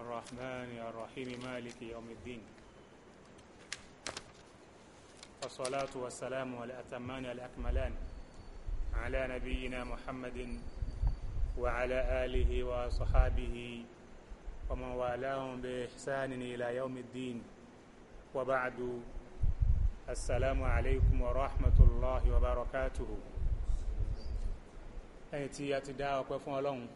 الرحمن الرحيم مالك يوم الدين والصلاة والسلام والأتمان الأكملان على نبينا محمد وعلى آله وصحابه ومن والاهم بإحسان إلى يوم الدين وبعد السلام عليكم ورحمة الله وبركاته أيتي أتداوك وفن الله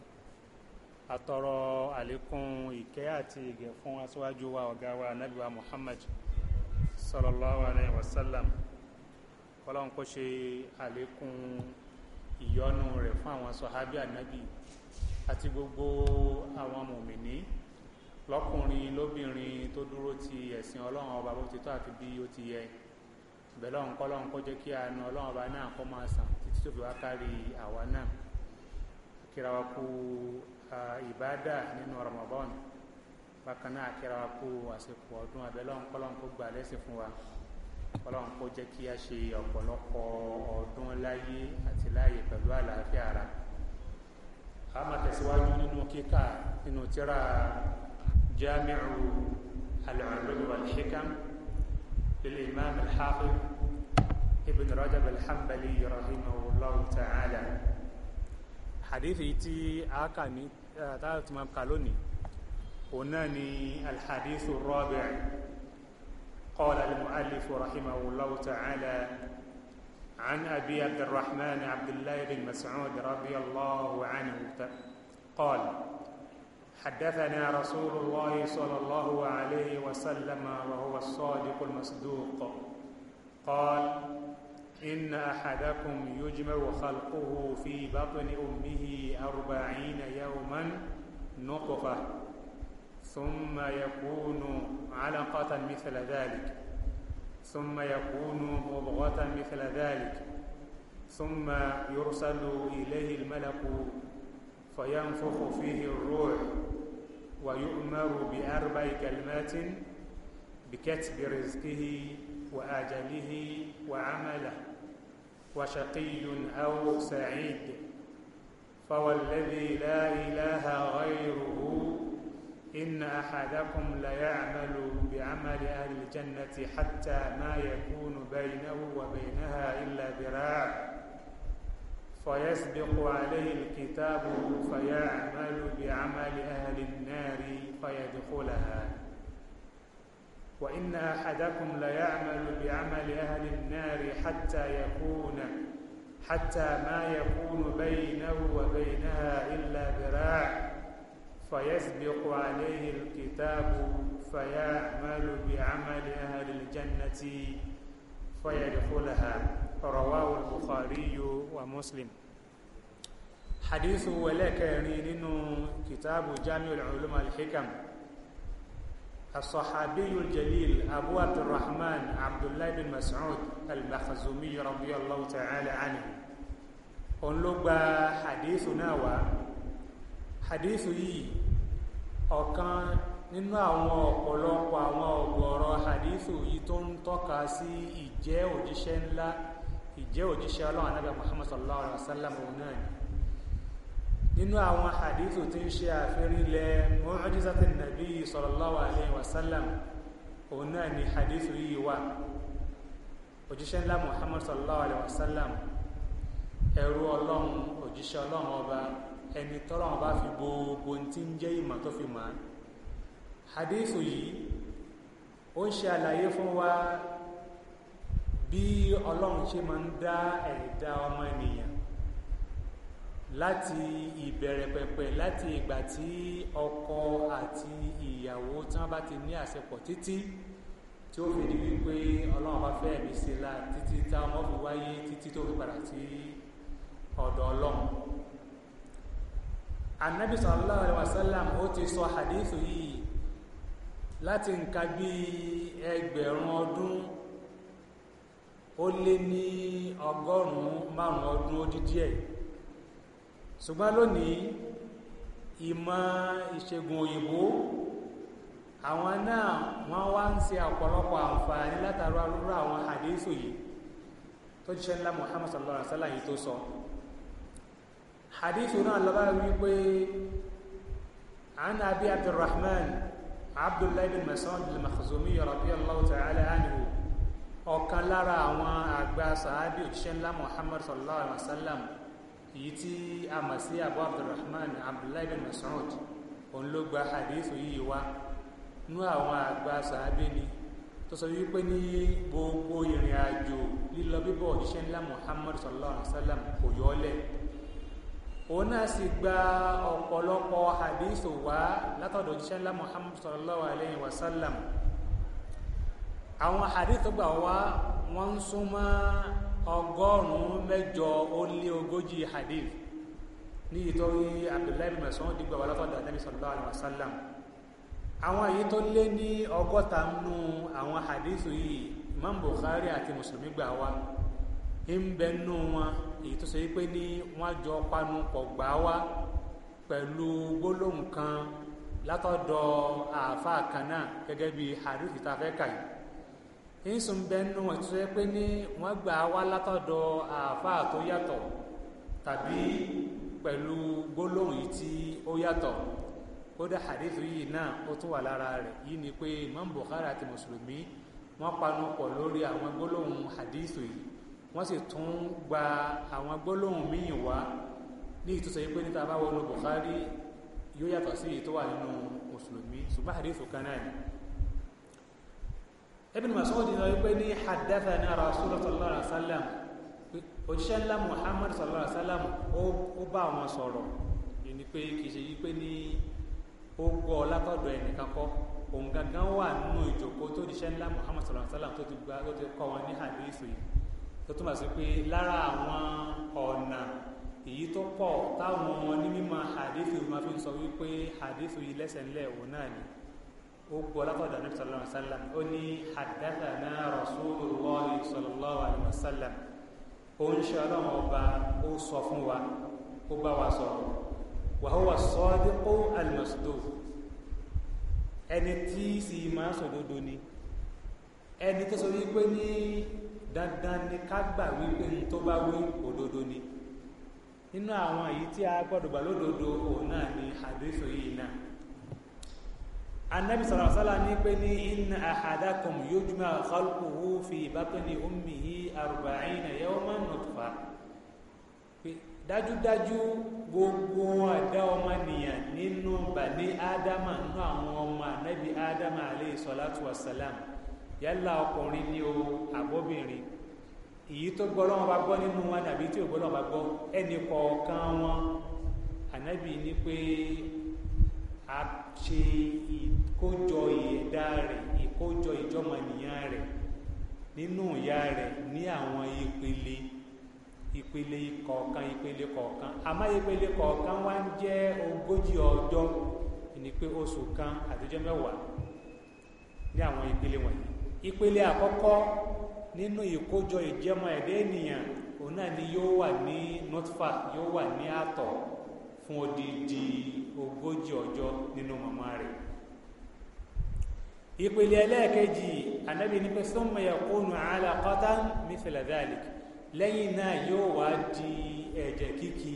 atọrọ àlékún ìkẹ́ àti ìgẹ̀ fún aṣíwájú wa ọ̀gá wa ànábì wa Muhammad sallallahu alayhi wa sallam kọ́lọ́n kó ṣe àlékún ìyọ́nú rẹ̀ fún àwọn sọ̀hábí ànábì àti gbogbo àwọn mùmìnì lọ́kùnrin lóbìnrin tó dúró ti ẹ̀sìn ọlọ́run ọba bó ti tọ́ àti bí ó ti yẹ bẹ̀lọ́ ń kọ́lọ́n kó jẹ́ kí àánú ọlọ́run ọba náà kó máa sàn títí fi wá kárí àwa náà kíra wa kú ìbádà nínú Ramadan bákan náà kíra wa kú àsìkò ọdún abẹ́lọ́n kọ́lọ́n kó gbà lẹ́sìn fún wa kọ́lọ́n kó jẹ́ kí a ṣe ọ̀pọ̀lọpọ̀ ọdún láyé àti láàyè pẹ̀lú àlàáfíà ara a máa tẹ̀síwájú nínú kíkà nínú tíra jamiu al-ulum wal imam al ibn rajab al rahimahullahu ta'ala hadith yìí tí a kà ní táwọn tí máa kà lónìí òun náà ni alhadith rabi' qala al-mu'allif rahimahullahu ta'ala عن أبي عبد الرحمن عبد الله بن مسعود رضي الله عنه قال حدثنا رسول الله صلى الله عليه وسلم وهو الصادق المصدوق قال إن أحدكم يجمع خلقه في بطن أمه أربعين يوما نطفة ثم يكون علقة مثل ذلك ثم يكون مضغة مثل ذلك ثم يرسل إليه الملك فينفخ فيه الروح ويؤمر بأربع كلمات بكتب رزقه وأجله وعمله وشقي أو سعيد فوالذي لا إله غيره إن أحدكم ليعمل بعمل أهل الجنة حتى ما يكون بينه وبينها إلا ذراع فيسبق عليه الكتاب فيعمل بعمل أهل النار فيدخلها وإن أحدكم ليعمل بعمل أهل النار حتى يكون حتى ما يكون بينه وبينها إلا ذراع فيسبق عليه الكتاب فيعمل بعمل أهل الجنة فيدخلها رواه البخاري ومسلم حديث ولكن كتاب جامع العلوم الحكم الصحابي الجليل أبو عبد الرحمن عبد الله بن مسعود المخزومي رضي الله تعالى عنه أنلقى حديثنا و حديث يي ọ̀kan nínú àwọn ọ̀pọ̀lọpọ̀ àwọn ọ̀gọ̀ọ̀rọ̀ hadithu yìí tó ń tọ́ka sí ìjẹ́ òjíṣẹ́ ńlá ìjẹ́ òjíṣẹ́ ọlọ́run anábẹ́ muhammad sallallahu alaihi wa sallam òun náà ni nínú àwọn hadithu tí ń ṣe àfirinlẹ̀ mu'jizati nabi sallallahu alayhi wa sallam òun náà ni hadithu yìí wà òjíṣẹ́ ńlá muhammad sallallahu alayhi wa sallam ẹrú ọlọ́run òjíṣẹ́ ọlọ́run ọba ẹni tọ́lọ́run bá fi gbogbo tí ń jẹ́ ìmọ̀ tó fi mọ̀ hadithu yìí láti ìbẹ̀rẹ̀ pẹ̀pẹ̀ láti ìgbà tí ọkọ àti ìyàwó tán bá ti ní àṣepọ̀ títí tí ó fi di wípé ọlọ́run bá fẹ́ mi ṣe la títí táwọn ọmọ fi wáyé títí tó fi padà sí ọ̀dọ̀ ọlọ́run anabi sallallahu alaihi wasallam ó ti sọ hadith yìí láti nǹkan bí ẹgbẹ̀rún ọdún ó lé ní ọgọ́rùn-ún márùn-ún ọdún ó dídí ẹ̀ ṣùgbọ́n lónìí ìmọ̀ ìṣègùn òyìnbó àwọn náà wọ́n wá ń ṣe ọ̀pọ̀lọpọ̀ àǹfààní látara lórí àwọn àdéhùn yìí tó jíṣẹ́ ńlá Muhammad sallallahu alaihi wasallam tó sọ hadithu náà lọ́ba wípé عن أبي عبد الرحمن عبد الله بن مسعود المخزومي رضي الله تعالى عنه ọ̀kan lára àwọn àgbà sàábì òjíṣẹ́ ńlá Muhammad sallallahu alaihi wa èyí tí a mọ̀ sí abu abdulrahman abdullahi bin mas'ud òun ló gba hadith yìí wá nú àwọn àgbà sàábé ni tó sọ wípé ní gbogbo ìrìn àjò lílọ bíbọ̀ òjíṣẹ́ ńlá muhammad sallallahu alaihi wasallam kò yọlẹ̀ òun náà sì gba ọ̀pọ̀lọpọ̀ hadith wá látọ̀dọ̀ òjíṣẹ́ ńlá muhammad sallallahu alaihi wasallam àwọn hadith gbà wá wọ́n súnmọ́ ọgọ́rùn-ún mẹ́jọ ó lé ogójì hadith ní ìtorí abdullahi bin masoud dìgbà wà látọ̀dọ̀ anabi sallallahu alaihi wasallam àwọn èyí tó lé ní ọgọ́ta nù àwọn hadith yìí imam bukhari àti mùsùlùmí gbà wá ń bẹ nù wọn èyí tó sọ yìí ní wọ́n jọ panu pọ̀ gbà wá pẹ̀lú gbólóhùn kan látọ̀dọ̀ àáfàá kan náà gẹ́gẹ́ bí hadith tá a ìsùn bẹnu wọn tó yẹ pé ní wọ́n gbà wá látọ̀dọ̀ àáfàá tó yàtọ̀ tàbí pẹ̀lú gbólóhùn yìí tí ó yàtọ̀ kódà hadithu yìí náà ó tún wà lára rẹ̀ yìí ni pé Imam Bukhari àti mùsùlùmí wọ́n panu pọ̀ lórí àwọn gbólóhùn hadithu yìí wọ́n sì tún gba àwọn gbólóhùn míì wá ní ìtúsọ̀ yìí pé níta bá wọnú Bukhari yóò yàtọ̀ sí èyí tó wà nínú mùsùlùmí ṣùgbọ́n hadithu kan náà ni. Ibn Mas'ud sọ wípé ní hadathana Rasulullah sallallahu alaihi wasallam òjíṣẹ́ ńlá Muhammad sallallahu alaihi wasallam ó bá wọn sọ̀rọ̀ ni pé kì í ṣe yí pé ní ó gbọ́ látọ̀dọ̀ ẹnìkan kọ́ òun gangan wà nínú ìjókòó tó díṣẹ́ ńlá Muhammad sallallahu alaihi wasallam tó ti gba tó ti kọ́ wọn ní hadith yìí tó túmọ̀ sí pé lára àwọn ọ̀nà èyí tó pọ̀ táwọn ní mímọ̀ hadith yìí fi ń sọ wípé hadith yìí lẹ́sẹ̀ ńlẹ̀ òun náà ni ó gbọ́ látọ̀dọ̀ Ànábì sallallahu alaihi wasallam ó ní haddathana rasulullah sallallahu alaihi wasallam ó ń ṣe ọlọ́run ọba ó sọ fún wa ó bá wa sọ̀rọ̀ wa huwa as-sadiqu al-masduq ẹni tí sì máa sòdodo ni ẹni tó sọ wípé ní dandan ni ká gbà wípé ní tó bá wí òdodo ni nínú àwọn èyí tí a gbọ́dọ̀ lódodo òun náà ni hadithu yìí náà anabi sallallahu alaihi wasallam ní pé ní inna ahadakum yujma khalquhu fi batni ummihi arba'ina yawman nutfa dájúdájú gbogbo àdá ọmọnìyàn nínú bani ádámà nínú àwọn ọmọ anabi ádámà alayhi salatu wasalam yálà ọkùnrin ni o àbóbìnrin èyí tó gbọ́ lọ́wọ́ bá gbọ́ nínú wọn àbí tí ò gbọ́ lọ́wọ́ bá gbọ́ ẹnì kọ̀ọ̀kan wọn ànábì ní pé a ṣe ìkójọ ìyẹ̀dá rẹ̀ ìkójọ ìjọmọ̀nìyàn rẹ̀ nínú ìyá rẹ̀ ní àwọn ìpele ìpele kọ̀ọ̀kan ìpele kọ̀ọ̀kan àmọ́ ìpele kọ̀ọ̀kan wá ń jẹ́ ogójì ọjọ́ pé oṣù kan àtijọ́ mẹ́wàá ní àwọn ìpele wọ̀nyí ìpele àkọ́kọ́ nínú ìkójọ ìjẹ́mọ̀ ẹ̀dá ènìyàn òun wà ní nutfa yóò wà ní fún odidi ogójì ọjọ́ nínú màmá rẹ̀ ìpele ẹlẹ́ẹ̀kejì anábì ní pé sọ́mọ̀ yakunu alaqatan mithla dhalik lẹ́yìn náà yóò wá di ẹ̀jẹ̀ kíkì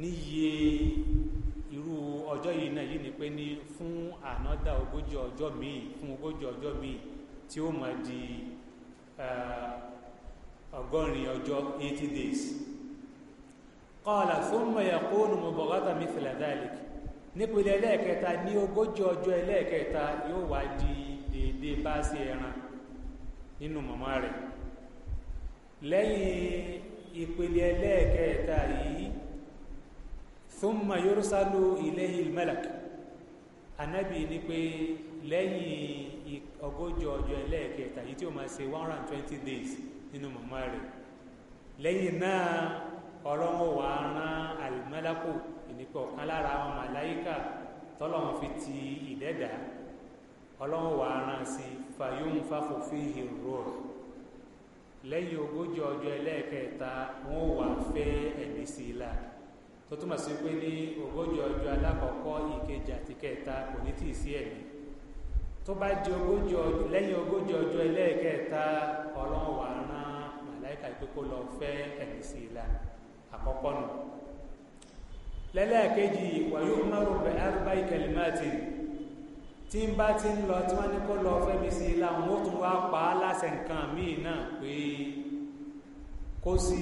níye irú ọjọ́ yìí náà yìí ni pé ní fún ànádà ogójì ọjọ́ míì fún ogójì ọjọ́ míì tí ó máa di eh, ọgọ́rin ọjọ́ eighty days qala thumma yakunu mubghata mithla dhalik nípele ẹlẹ́ẹ̀kẹta ní ogójì ọjọ́ ẹlẹ́ẹ̀kẹta yóò wá di déédéé bá sí ẹran nínú mọ̀mọ́ rẹ̀ lẹ́yìn ìpele ẹlẹ́ẹ̀kẹta yìí thumma yursalu ilayhi al-malak anabi ní pé lẹ́yìn ogójì ọjọ́ ẹlẹ́ẹ̀kẹta yìí tí ó máa ṣe one hundred and twenty days nínú mọ̀mọ́ rẹ̀ lẹ́yìn náà ọlọ́run wà á rán àlùmọ́lákò ìnípọ̀ kan lára àwọn màláíkà tọ́lọ́run fi ti ìdẹ́dà ọlọ́run wà rán sí fáfòfin ìrò lẹ́yìn ogójì ọjọ́ ẹlẹ́ẹ̀kẹta wà fẹ́ ẹ̀mí sí la tó túmọ̀ sí pé ní ogójì ọjọ́ alákọ̀ọ́kọ́ ìkejì àti kẹta kò ní tì í sí ẹ̀mí lọ fẹ́ ẹ̀mí la. àkọ́kọ́ nù lẹ́lẹ́ẹ̀kejì wàyí umaru bẹ arba ikẹlìmáàtì tí ń bá ti ń lọ tí wọ́n ní kó lọ fẹ́mi sí láwọn ó tún wá pa á láṣẹ nǹkan míì náà pé kó sì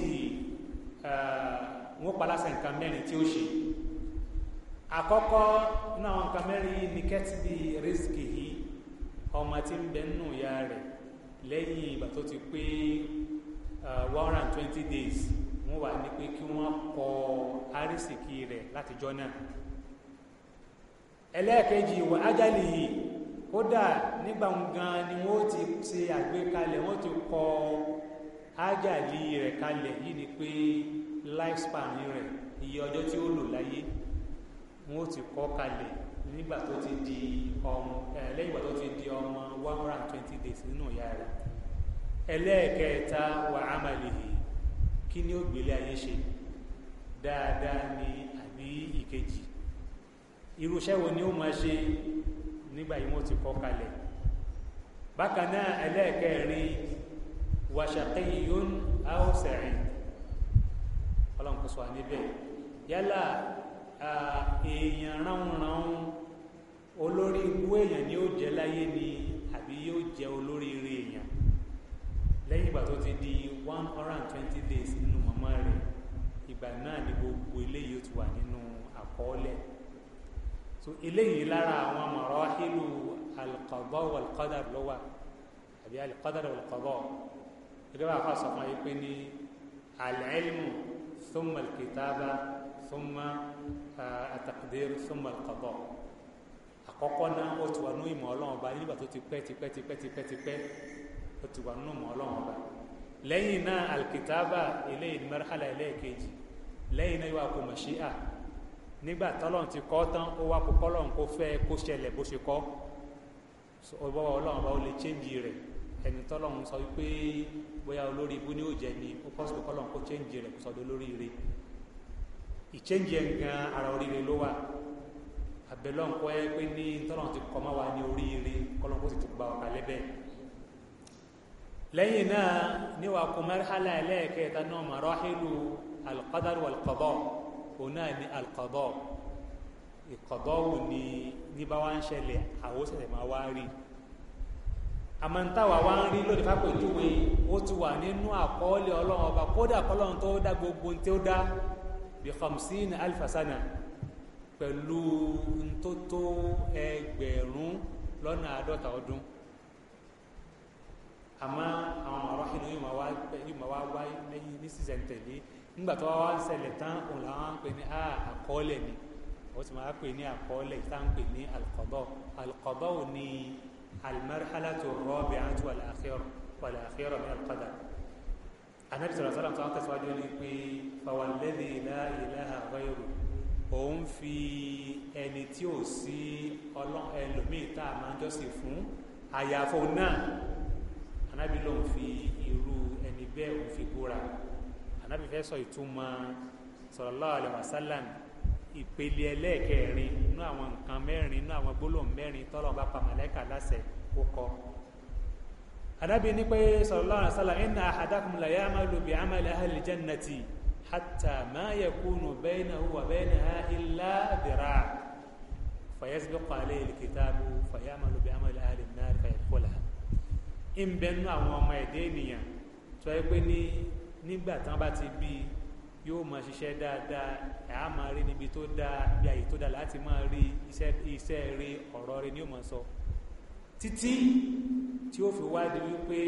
wọ́n pa láṣẹ nǹkan mẹ́rin tí ó ṣe àkọ́kọ́ àwọn nǹkan mẹ́rin yìí ni kẹ́tìbì rìsíkì days. wọ́n wà ní pé kí wọ́n kọ arísìkí rẹ̀ látijọ́ náà ẹlẹ́ẹ̀kejì wọ ájálì yìí kódà nígbà gan ni wọ́n ti ṣe àgbékalẹ̀ wọ́n ti kọ ájálì rẹ̀ kalẹ̀ yìí ni pé lifespan rẹ̀ iye ọjọ́ tí ó lò láyé wọ́n ti kọ kalẹ̀ nígbà tó ti di ọmọ lẹ́yìn ìgbà tó ti di ọmọ one hundred and twenty days nínú ìyá rẹ̀ ẹlẹ́ẹ̀kẹta wà ámàlì yìí kí ni ó gbélé ayé ṣe dáadáa ni àbí ìkejì irúṣẹ́ wo ni ó máa ṣe nígbà yìí wọ́n ti kọ́ kalẹ̀ bákan náà ẹlẹ́ẹ̀kẹrin wàṣàkẹyìn aw sa'id ọlọ́run níbẹ̀ yálà èèyàn ránunránun olórí ikú èèyàn ni ó jẹ́ láyé ni àbí yóò jẹ́ olórí ire èèyàn lẹ́yìn ìgbà tó ti di one hundred and twenty days nínú màmá rẹ̀ ìgbà náà ni gbogbo eléyìí ti wà nínú àkọọ́lẹ̀ so eléyìí lára àwọn marahilu alqada walqadar ló wà àbí alqadar walqada gẹ́gẹ́ bá a fà sọ fún ayé pé ní alilmu thumma alkitaba thumma ataqdir thumma alqada àkọ́kọ́ náà ó ti wà ní ìmọ̀ ọlọ́run ọba nígbà tó ti pẹ́ ti pẹ́ ti pẹ́ ti pẹ́ ó ti wà nínú mọ́ ọlọ́run ọba lẹ́yìn náà alkitaba eléyìí ní marhala ẹlẹ́ẹ̀kejì lẹ́yìn náà yóò wá kó mọ̀ṣíà nígbà tọ́lọ́run ti kọ́ tán ó wá kó kọ́lọ́run kó fẹ́ kó ṣẹlẹ̀ bó ṣe kọ́ ọba ọlọ́run ọba ó lè chéǹjì rẹ̀ ẹni tọ́lọ́run sọ wípé bóyá olórí ibú ni ó jẹ ni ó pọ́sùn kọ́lọ́run kó chéǹjì rẹ̀ kó sọdọ̀ lórí rẹ̀ ìchéǹjì ẹ̀ gan ara oríire ló wà àbẹ̀lọ́nkọ́ ẹ pé ní tọ́lọ́run ti kọ́ máa wà ní oríire kọ́lọ́run kó sì tún gba ọ̀kà lẹ́yìn náà níwà kó mẹ́rẹ́hálà ẹlẹ́ẹ̀kẹta náà marahilu alqadar walqada òun náà ní alqada ìqada wò ní ní bá wá ń ṣẹlẹ̀ àwòsẹ̀lẹ̀ máa wá rí àmọ́ntàwà wá ń rí lónìí fápẹ̀júwe ó ti wà nínú àkọọ́lẹ̀ ọlọ́run ọba kódà kọ́lọ́run tó dá gbogbo tí ó dá bí khamsin alfasana pẹ̀lú ntótó ẹgbẹ̀rún lọ́nà àádọ́ta ọdún àmọ́ àwọn màrọ́ ìlú yóò máa wá wá lẹ́yìn ní sísẹ̀ntẹ̀lé nígbà tó wá ń ṣẹlẹ̀ tán òun làwọn ń pè ní àkọọ́lẹ̀ ni ó sì máa pè ní àkọọ́lẹ̀ tá ń pè ní alqada alqada ò ní almarhalatu rabi'atu wal akhirah wal akhirah min alqadar anabi sọ̀rọ̀ sọ́dọ̀ tó ń tẹ̀síwájú ni pé fawalladhi la ilaha ghayru anabi ló ń fi irú ẹni bẹ́ẹ̀ òun fi búra anabi fẹ́ sọ ìtumọ̀ sallallahu alaihi wasallam ìpele ẹlẹ́ẹ̀kẹrin inú àwọn nǹkan mẹ́rin inú àwọn gbólóhùn mẹ́rin tọ́lọ̀ bá pa màlẹ́kà láṣẹ kó kọ́ anabi ní pé sallallahu alaihi wasallam inna ahadakum la ya'malu bi amali ahli jannati hatta ma yakunu baynahu wa baynaha illa dhira' fayasbiqu alayhi ń bẹ nú àwọn ọmọ ẹ̀dá ènìyàn tó yẹ pé ní nígbà tí wọ́n bá ti bí yóò máa ṣiṣẹ́ dáadáa ẹ̀ á máa rí níbi tó dáa bí àyè tó dáa láti máa rí iṣẹ́ iṣẹ́ rí ọ̀rọ̀ rí ni ó sọ títí tí ó fi wá di wípé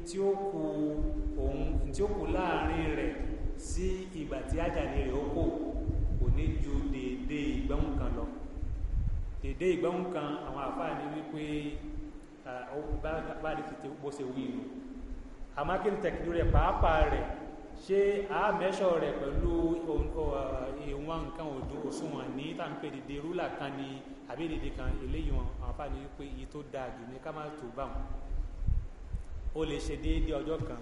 ntí ó ó kù láàrin rẹ̀ sí ìgbà tí àjàlè rẹ̀ ó kò kò ní ju déédéé ìgbẹ́hùn kan lọ déédéé ìgbẹ́hùn kan àwọn àfáà ní wípé Eh, bá rí ti bó ṣe wí inú àmọ́ kí ni tẹ̀kìlì rẹ̀ pàápàá rẹ̀ ṣé àmẹ́ṣọ̀ rẹ̀ pẹ̀lú eh, ìwọ̀n nǹkan òdò òṣùwọ̀n ní tàǹpẹ̀ dìde rúlà kan ni àbí dìde kan eléyìí wọn àǹfààní pé iye tó dáa jù ní ká má tó bá wọn ó lè ṣe déédéé ọjọ́ kan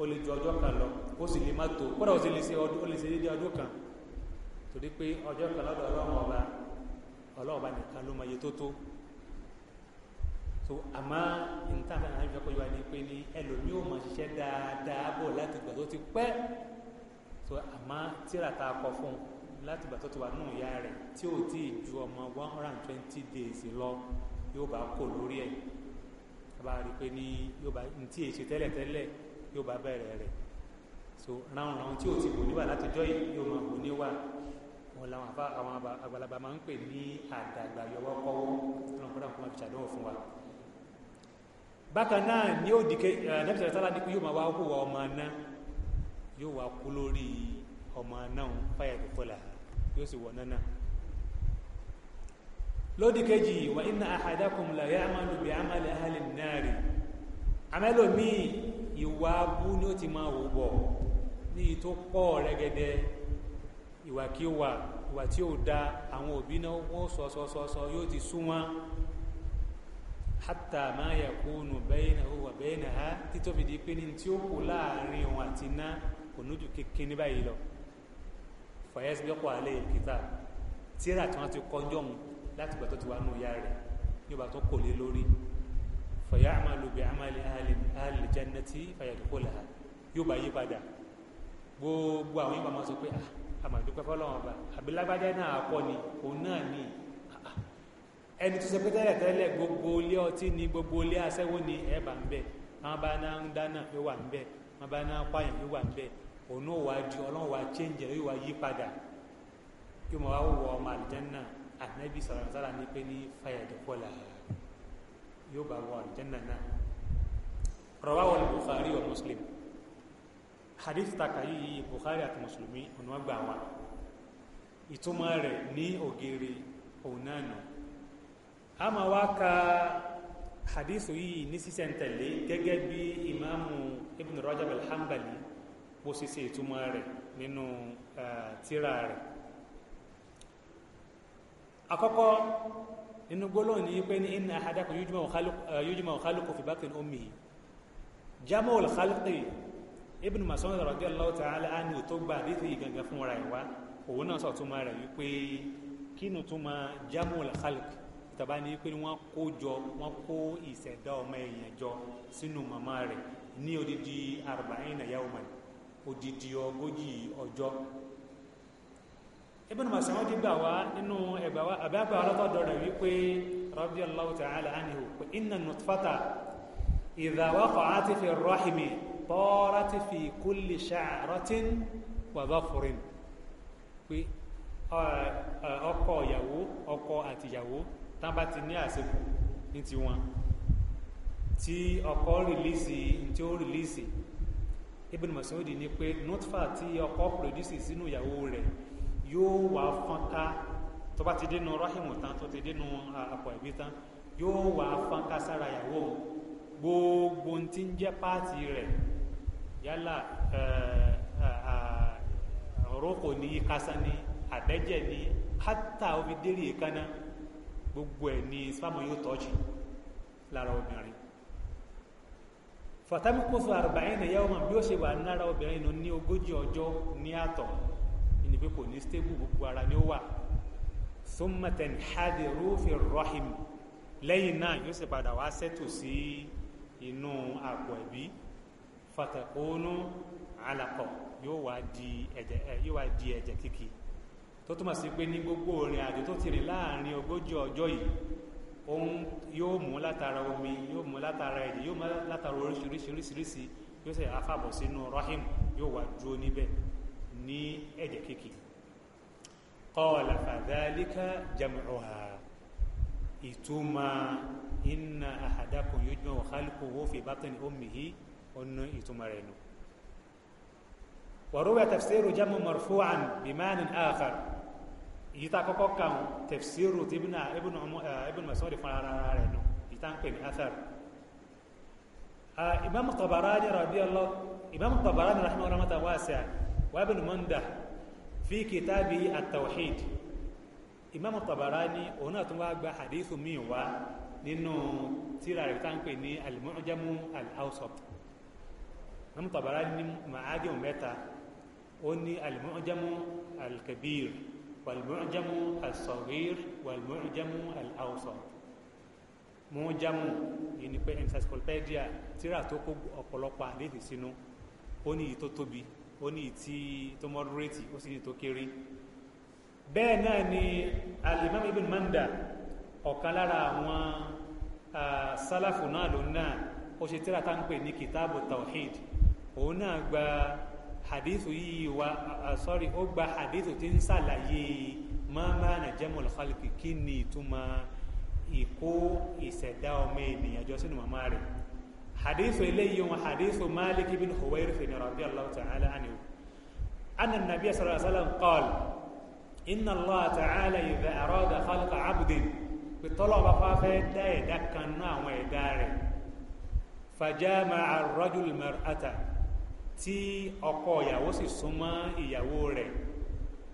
ó lè ju ọjọ́ kan lọ ó sì lè má tó kódà ó sì lè ṣe ọdún ó lè ṣe déédéé ọdún kan torí pé ọjọ́ kan lọ́dọ̀ ọlọ́run ọba ọlọ́run ọba nìkan ló mọ iye tó tó so àmọ́ nítafẹ́ náà fẹ́ kó yọ ni pé ní ẹlòmíì ò mọ̀ ṣiṣẹ́ dáadáa bọ̀ láti gbà tó ti pẹ́ so àmọ́ tíra ta kọ fún un láti gbà tó ti wà nù ìyá rẹ̀ tí ò tí ì ju ọmọ one hundred and twenty days lọ yóò bá kó lórí ẹ̀ bá rí i pé ní yóò bá ntí èṣe tẹ́lẹ̀tẹ́lẹ̀ yóò bá bẹ̀rẹ̀ rẹ̀ so ráun ráun tí ò ti wò níwà látijọ́ yìí yóò máa wò níwà wọn làwọn àgbàlagbà máa ń pè ní àdàgbà yọwọ́ kọ́wọ́ ọlọ́run kọ́dà kó máa fi ṣàdánwò fún wa bákan náà ni ó dìke ẹ̀ẹ́dẹ́bí sẹ̀rẹ̀ sálá nípa yóò máa wá kó wa ọmọ aná yóò wá kú lórí ọmọ aná fáyà ìfọlà yóò sì wọ̀ náà lódì kejì wà inna ahadakum la ya'malu bi amali ahli an-nari amẹ́lòmíì ìwà bú ni ó ti máa wò bọ̀ ní i pọ̀ rẹ́gẹ́dẹ́ ìwà kí wà ìwà tí ó da àwọn òbí náà wọ́n sọ yóò ti sú wọn hátà máa yà kúnnù bainahu wa bainaha títóbi di pé ní tí ó kú láàrin òun àti iná kò nújù kékeré báyìí lọ fọyẹ́sì bí ọkọ̀ alẹ́ ìkìtà tíra tí wọ́n ti kọjọ́ mu láti gbà tó ti wà nù ya rẹ̀ ní ọba tó kò lé lórí fọyà àmàlù bí àmàlì ahli jannati fayadkhulaha yóò bá yí padà gbogbo àwọn yóò bá máa sọ pé àmàdúpẹ́ ah, fọlọ́wọ́n ọba àbí lágbájá náà akọni òun náà ní ẹni tó sọ pé tẹ́lẹ̀ tẹ́lẹ̀ gbogbo ilé ọtí ni gbogbo ilé aṣẹ́wó ni ẹ bá ń bẹ̀ wọn bá náà ń dáná yóò wà ń bẹ̀ wọn bá náà pààyàn yóò wà ń bẹ̀ òun náà wà á di ọlọ́run wà á change yóò wà á yí padà yóò mọ̀ wọ ọmọ àlùjànnà ànábì sọ̀rọ̀ ní pé ní fàyàdẹ́fọ́là yóò bá wọ àlùjànnà náà rawahu al-Bukhari wa Muslim hadith takayi yìí Bukhari àti Mùsùlùmí ọ̀nà gbà wá ìtumọ̀ rẹ̀ ní ògèrè òun náà nù a máa wá ka hadithu yìí ní sísẹ̀ntẹ̀lé gẹ́gẹ́ bí ìmáàmù ibn rajab al-hanbali bó ṣe ṣe ìtumọ̀ rẹ̀ nínú tíra rẹ̀ àkọ́kọ́ nínú gbólóhùn ní pé ní inna ahadakum yujma'u khalquhu fi batni ummihi jama'ul khalqi ibn Mas'ud radiyallahu ta'ala anhu tó gba àdéhùn yìí gangan fúnra ẹ̀ wá òun náà sọ̀túnmọ̀ rẹ̀ wípé kínú túnmọ̀ jama'ul khalqi tàbá ni wípé wọ́n kó jọ wọ́n kó ìṣẹ̀dá ọmọ èèyàn jọ sínú màmá rẹ̀ ní odidi arba'ina yawman odidi ogójì ọjọ́ Ibn Mas'ud gbà wá nínú ẹgbà wá àbí àgbà ọlọ́tọ̀dọ̀ rẹ̀ wípé radiyallahu ta'ala anhu pé inna nutfata idha waqa'ati fi rahimi tọ́rọ́tì fi kulli sha'ratin wa pé ọkọ ìyàwó ọkọ àtìyàwó tán bá ti ní àsìkò ní tiwọn tí ọkọ rìlíìsì tí ó rìlíìsì Ibn Mas'ud ní pé nutfa tí ọkọ pòdúsì sínú ìyàwó rẹ̀ yóò wá fọ́nká tó bá ti dénú rahimu tán tó ti dénú àpò ìbí tán yóò wá fọ́nká sára ìyàwó òun gbogbo tí ń jẹ́ páàtì rẹ̀ yálà ọ̀rọ̀kọ̀ ní kásán ní àbẹ́jẹ̀ ní hátà omi dérí ìkànnà gbogbo ẹ̀ ní sípàmù yóò tọ́jú lára obìnrin fatami kóso àrùbáyìn ẹ̀yà ọmọ bí ó ṣe wà lára obìnrin nù ní ogójì ọjọ́ ní àtọ̀ ní pé kò ní stable gbogbo ara ni ó wà sọmọtẹn hadi rúfin rọhìm lẹ́yìn náà yóò sì padà wá sẹ́tù sí inú àpò ẹ̀bí fatakónú alakọ yóò wá di ẹ̀jẹ̀ kíkì tó túmọ̀ sí pé ní gbogbo orin àjò tó ti rìn láàrin ogójì ọjọ́ yìí òun yóò mú látara omi yóò mú látara ẹ̀jẹ̀ yóò mú látara oríṣiríṣiríṣiríṣi yóò sì afábọ̀ sínú rahim yóò wá dúró níbẹ̀ ní ẹ̀jẹ̀ kéèkì qala fadhalika jam'uha ìtumọ̀ inna ahadakum yujma'u khalquhu fi batni ummihi ọ̀nà ìtumọ̀ rẹ̀ nù. وروى تفسير جم مرفوعا بمعنى آخر يتا كوكو تفسير ابن ابن ابن مسعود فرانا يتا كان أثر إمام الطبراني رضي الله إمام الطبراني رحمه الله رحمة واسعة وابن منده في كتابه التوحيد إمام الطبراني هنا تواقب حديث ميوا نينو تيرا ريتانكو المعجم الأوسط إمام الطبراني معاجم متى ó ní al-mu'jamu al-kabir wal-mu'jamu al-saghir wal-mu'jamu al-awsat mu'jamu yìí ni pé encyclopedia tíra tó kó ọ̀pọ̀lọpọ̀ àdéhìí sínú ó ní ìyí tó tóbi ó ní ìyí tí tó mọ́dúrétì ó sì ní tó kéré bẹ́ẹ̀ náà ni al ibn manda ọ̀kan lára àwọn sálàfù náà lòun náà ó ṣe tíra tá pè ní kìtàbù tawhid òun náà gba hadithu yìí wa sorry ó gba hadithu tí ń ṣàlàyé mọ́mánà jẹ́mọ̀lù khalqi kí ni ìtumọ̀ ìkó ìṣẹ̀dá ọmọ ènìyàn jọ sínú màmá rẹ̀ hadithu eléyìí wọn hadithu malik ibn huwayrith radiyallahu ta'ala anhu anna nabiya sallallahu alaihi wasallam qala inna allah ta'ala idha arada khalqa abdin pitọ́lọ́ bá fà fẹ́ ẹ̀dá kan náà àwọn ẹ̀dá rẹ̀ fajama'a ar mar'ata tí ọkọ ìyàwó sì súnmọ́ ìyàwó rẹ̀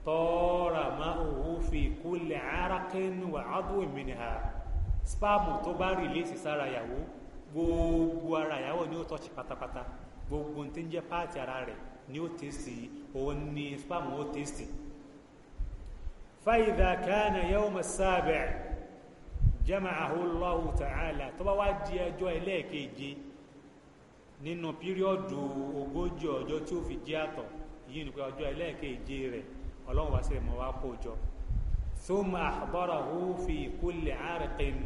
tọ́ra máa òwò fi kulli araqin wa adwin minha spáàmù tó bá rìlẹ́sì sára ìyàwó gbogbo ara ìyàwó ni ó tọ́ọ̀ṣì pátápátá gbogbo tí ń jẹ́ páàtì ara rẹ̀ ni ó tẹ̀sí òun ni spáàmù ó tẹ̀sí. fa idha kana yawm as-sabi' jama'ahu Allahu ta'ala tó bá wá di ẹjọ́ ẹlẹ́ẹ̀keje nínú píríọ̀dù ogójì ọjọ́ tí ó fi jẹ́ àtọ̀ yìí ni pé ọjọ́ ẹlẹ́ẹ̀keje rẹ̀ ọlọ́run wá sílẹ̀ mọ́ wá kó jọ thumma akhbarahu fi kulli arqin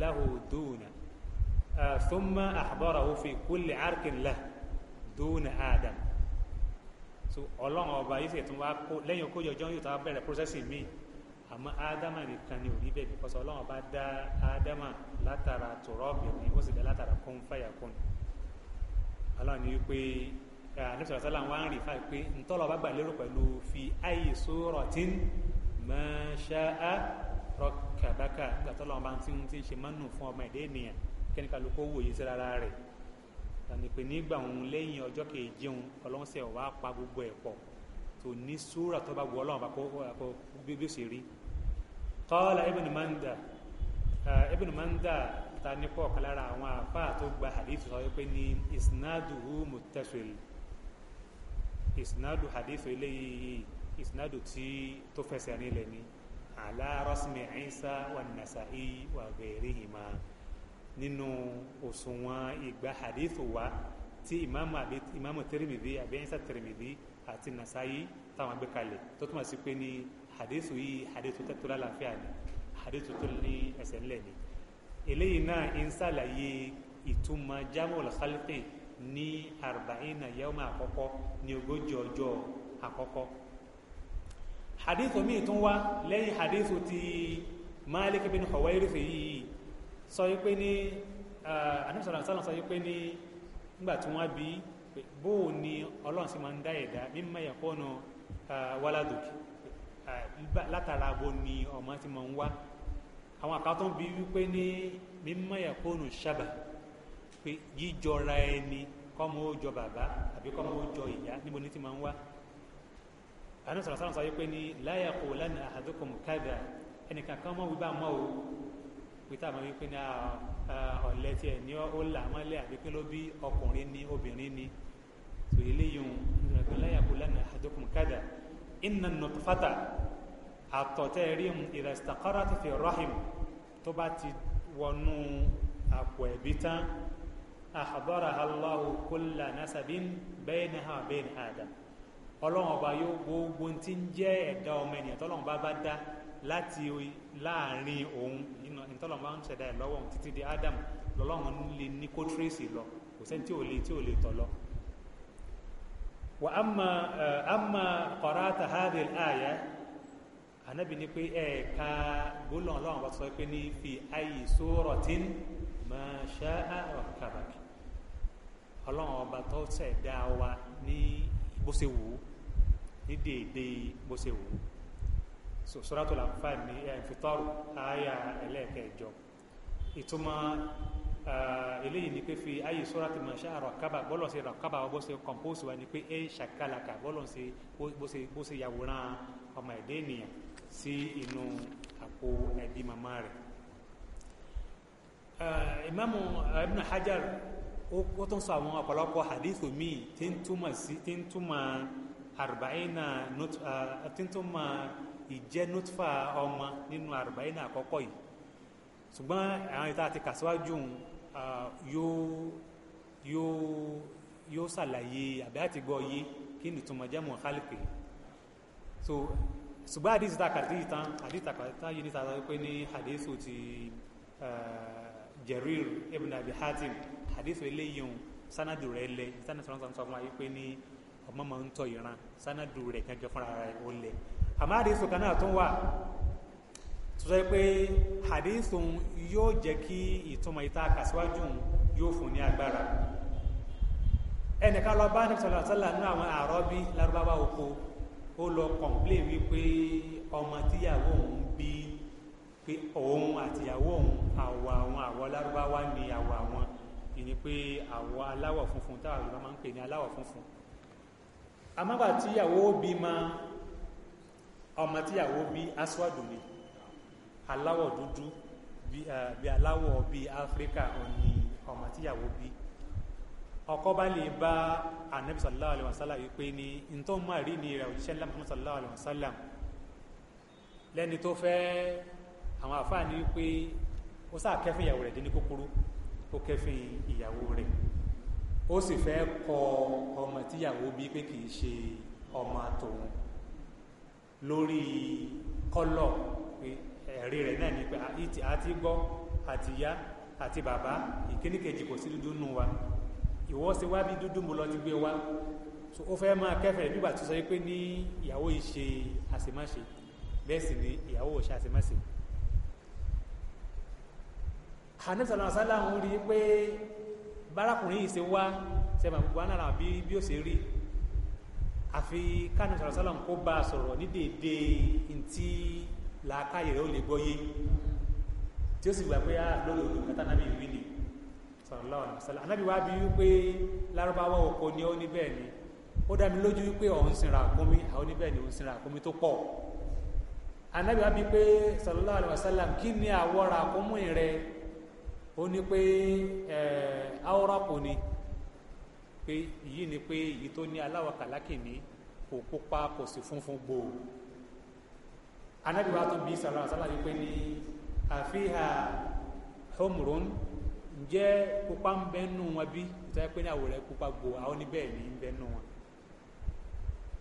lahu duna thumma akhbarahu fi kulli arqin lahu duna adam so ọlọ́run ọba yìí sì tún wá kó lẹ́yìn ogójì ọjọ́ yóò tó wá bẹ̀rẹ̀ processing mi àmọ́ ádámà nìkan ni òní bẹ́ẹ̀ bíkọ́sọ ọlọ́run ọba dá ádámà látara tòrọ́ọ̀bì aláwọ̀ ni wípé anabisọ̀rọ̀ sálà wọn rìn fáì pé ntọ́lọ̀ bá gbà lérò pẹ̀lú fi ayé sórọ̀ tí ń mọ̀ṣá á rọkàbákà gbàtọ́lọ̀ bá ti ń ṣe mọ́nù fún ọmọ ẹ̀dẹ́ ènìyàn kẹ́ni kálukú wòye sí rárá rẹ̀ tànípe nígbà òun lẹ́yìn ọjọ́ kejì òun ọlọ́sẹ̀ wà á pa gbogbo ẹ̀ pọ̀ tó ní sóra tó bá wọ ọlọ́run bá kó bí ó ṣe rí. qala ibn manda ibn manda ta ní pọ̀ọ̀kan lára àwọn àfáà tó gba hadith sọ wípé ní isnaduhu muttasil isnadu hadith eléyìí isnadu tí tó fẹsẹ̀ nílẹ̀ ni ala rasmi Isa wa Nasa'i wa ghairihima nínú òṣùwọ̀n ìgbà hadith wa tí ìmáàmù àbí ìmáàmù Tirmidhi àbí Isa Tirmidhi àti Nasa'i táwọn gbé kalẹ̀ tó túmọ̀ sí pé ní hadith yìí hadith tó tẹ́tọ́ lálàáfíà ni hadith tó ní ẹsẹ̀ ńlẹ̀ ni eléyìí náà ń ṣàlàyé ìtumọ̀ jamul khalqi ní arba'ina yawma àkọ́kọ́ ní ogójì ọjọ́ àkọ́kọ́ hadithu míì tún wá lẹ́yìn hadithu ti malik bin huwayrith yìí sọ wípé ní anamsọ̀rọ̀ sálọ̀ sọ wípé ní nígbà tí wọ́n bí bóò ni ọlọ́run sì máa ń dá ẹ̀dá mimma yakunu waladuki látara bo ni ọmọ ti máa ń wá àwọn àkàtún bíi wípé ní mímọ́ ẹ̀kọ́nù ṣàbà pé jíjọra ẹni kọ́mọ ó jọ bàbá àbí kọ́mọ ó jọ ìyá níbo ní ti máa ń wá àánú sọ̀rọ̀ sáwọn sọ wípé ní láyà kò lánàá àdókòmù kága ẹnìkan kan mọ̀ wípé àmọ́ o pété àmọ́ wípé ní ọ̀lẹ́ tiẹ̀ ní ó là mọ́lẹ̀ àbí pé ló bí ọkùnrin ni obìnrin ni tòyí léyìn òun lánàá àdókòmù kága ìnànà tó fátà àtọ̀tẹ́ rí mu ìrẹ̀sìtàkọ́rọ́ ti fi rahim tó bá ti wọnú àpò ẹ̀bí tán àhàbọ́ra aláwo kólà nasabin bẹ́ẹ̀ ni ha bẹ́ẹ̀ ni àdá ọlọ́run ọba yóò gbogbo tí ń jẹ́ ẹ̀dá ọmọ ènìyàn tọ́lọ́run bá bá dá láti láàrin òun ìtọ́lọ́run bá ń ṣẹ̀dá ẹ̀ lọ́wọ́ títí di Adam lọ́lọ́run lè ní kó tírèsì lọ kò sẹ́ni tí ò lè tí ò lè tọ̀ lọ. wà á ma kọ̀rọ̀ àtàhádìl àyà anabi ni pé ẹ̀ẹ̀ka gbólọ̀ ọlọ́run bá sọ pé ní fi ayyi suratin ma sha'a rakkabak ọlọ́run ọba tó ṣẹ̀dá wa ní bó ṣe wù ú ní dèédé bó ṣe wù ú so suratul Anfal ní eh, Fitaru àyà ẹlẹ́ẹ̀kẹjọ ìtumọ̀ eléyìí ni pé fi ayyi suratin ma sha'a rakkabak bọ́lọ̀ ṣe rakkaba bó ṣe compose wa ni pé ẹ̀ ṣàkàlàkà bọ́lọ̀ ṣe bó ṣe yàwòrán ọmọ ẹ̀dẹ́ ènìyàn sí inú àpò ẹbí màmá rẹ̀ ìmáàmù eh, Ibn Hajar ó tún sọ àwọn ọ̀pọ̀lọpọ̀ hadithu míì tí ń túmọ̀ sí tí ń túmọ̀ àrùbáyínà eh, tí ń túmọ̀ ìjẹ́ nutfa ọmọ nínú àrùbáyínà àkọ́kọ́ yìí ṣùgbọ́n àwọn ìta àti kàṣíwájú eh, yóò yóò ṣàlàyé àbí àtìgbọ́ yé kí nìtúmọ̀ jẹ́mọ̀ kálíkì so ṣùgbọ́n àdìsí ta kàdí ìtàn àdìsí ta kàdí ìtàn yìí níta sọ pé ní àdìsí ti Jarir ibn Abi Hatim àdìsí eléyìí òun sanadu rẹ̀ lẹ sanadu sọ̀rọ̀ sọ̀rọ̀ fún wa yìí pé ní ọmọ máa ń tọ̀ ìran sanadu rẹ̀ gángan fúnra rẹ̀ ó lẹ̀ àmọ́ àdìsí kan náà tún wà tó sọ pé àdìsí yóò jẹ́ kí ìtumọ̀ ìta kàṣíwájú yóò fún ní agbára ẹnìkan lọ bá nípa sọ̀rọ̀ sọ̀rọ̀ nínú àwọn àrọ́bí lárúbáwá oko ó lọ kọ̀ǹplé wípé ọmọ tíyàwó òun bí pé òun àtìyàwó òun àwọ̀ àwọn àwọ̀ lárúbáwá ni àwọ̀ àwọn ìní pé àwọ̀ aláwọ̀ funfun táwọn Yorùbá máa ń pè ní aláwọ̀ funfun amágbà tíyàwó bí ma ọmọ tíyàwó bí aṣọ́àdù ni aláwọ̀ dúdú bí eh, aláwọ̀ bí Áfíríkà òní ọmọ tíyàwó bí ọkọ bá lè bá anabi sallallahu alayhi wa sallam yìí pé ní ntọ́ máa rí ni rẹ̀ òjíṣẹ́ ńlá muhammad sallallahu alayhi wa sallam lẹ́ni tó fẹ́ àwọn àfáàní pé ó sáà kẹ́fìn ìyàwó rẹ̀ dé ní kúkúrú ó kẹ́fìn ìyàwó rẹ̀ ó sì fẹ́ kọ ọmọ tíyàwó bí pé kì í ṣe ọmọ tòun lórí kọ́lọ̀ ẹ̀rí rẹ̀ náà ni pé àti gbọ́ àti ìyá àti bàbá ìkíníkejì kò sí dúdú nù wa ìwọ́ ṣe wá bí dúdú mo lọ ti gbé wá so ó fẹ́ máa kẹ́fẹ̀ẹ́ nígbà tó sọ pé ní ìyàwó yìí ṣe àṣemáṣe bẹ́ẹ̀ sì ni ìyàwó ò ṣe àṣemáṣe hanifasala asala ń rí i pé bárakùnrin yìí ṣe wá sẹ́mi àgbègbè anára bí bí ó ṣe rí àfi kánifasala asala ń kó bá a sọ̀rọ̀ ní dèédé ntí làákàyè rẹ̀ ó lè gbọ́ yé tí ó sì gbà pé á ah, lórí òdò kátánà bí ìwé sallallahu alaihi wasallam anábì wá bí wípé lárúbáwá oko ni ó ní bẹ́ẹ̀ ni ó dá mi lójú wípé òun sinra àkúnmí àwọn oníbẹ̀ ni òun sinra àkúnmí tó pọ̀ anábì wá bí pé sallallahu alaihi wasallam kí ni àwọ̀ra àkúnmú rẹ ó ní pé áwòrán kò ní pé èyí ni pé èyí tó ní aláwọ̀ kàlákìní kò pupa kò sì funfun gbòò anábì wá tó bí sallallahu alaihi wasallam yìí pé ní àfihàn homrún ǹjẹ́ pupa ń bẹ nù wọn bí ìtọ́jú pé ní àwọ̀ rẹ̀ pupa gbò àwọn níbẹ̀ ní ń bẹ nù wọn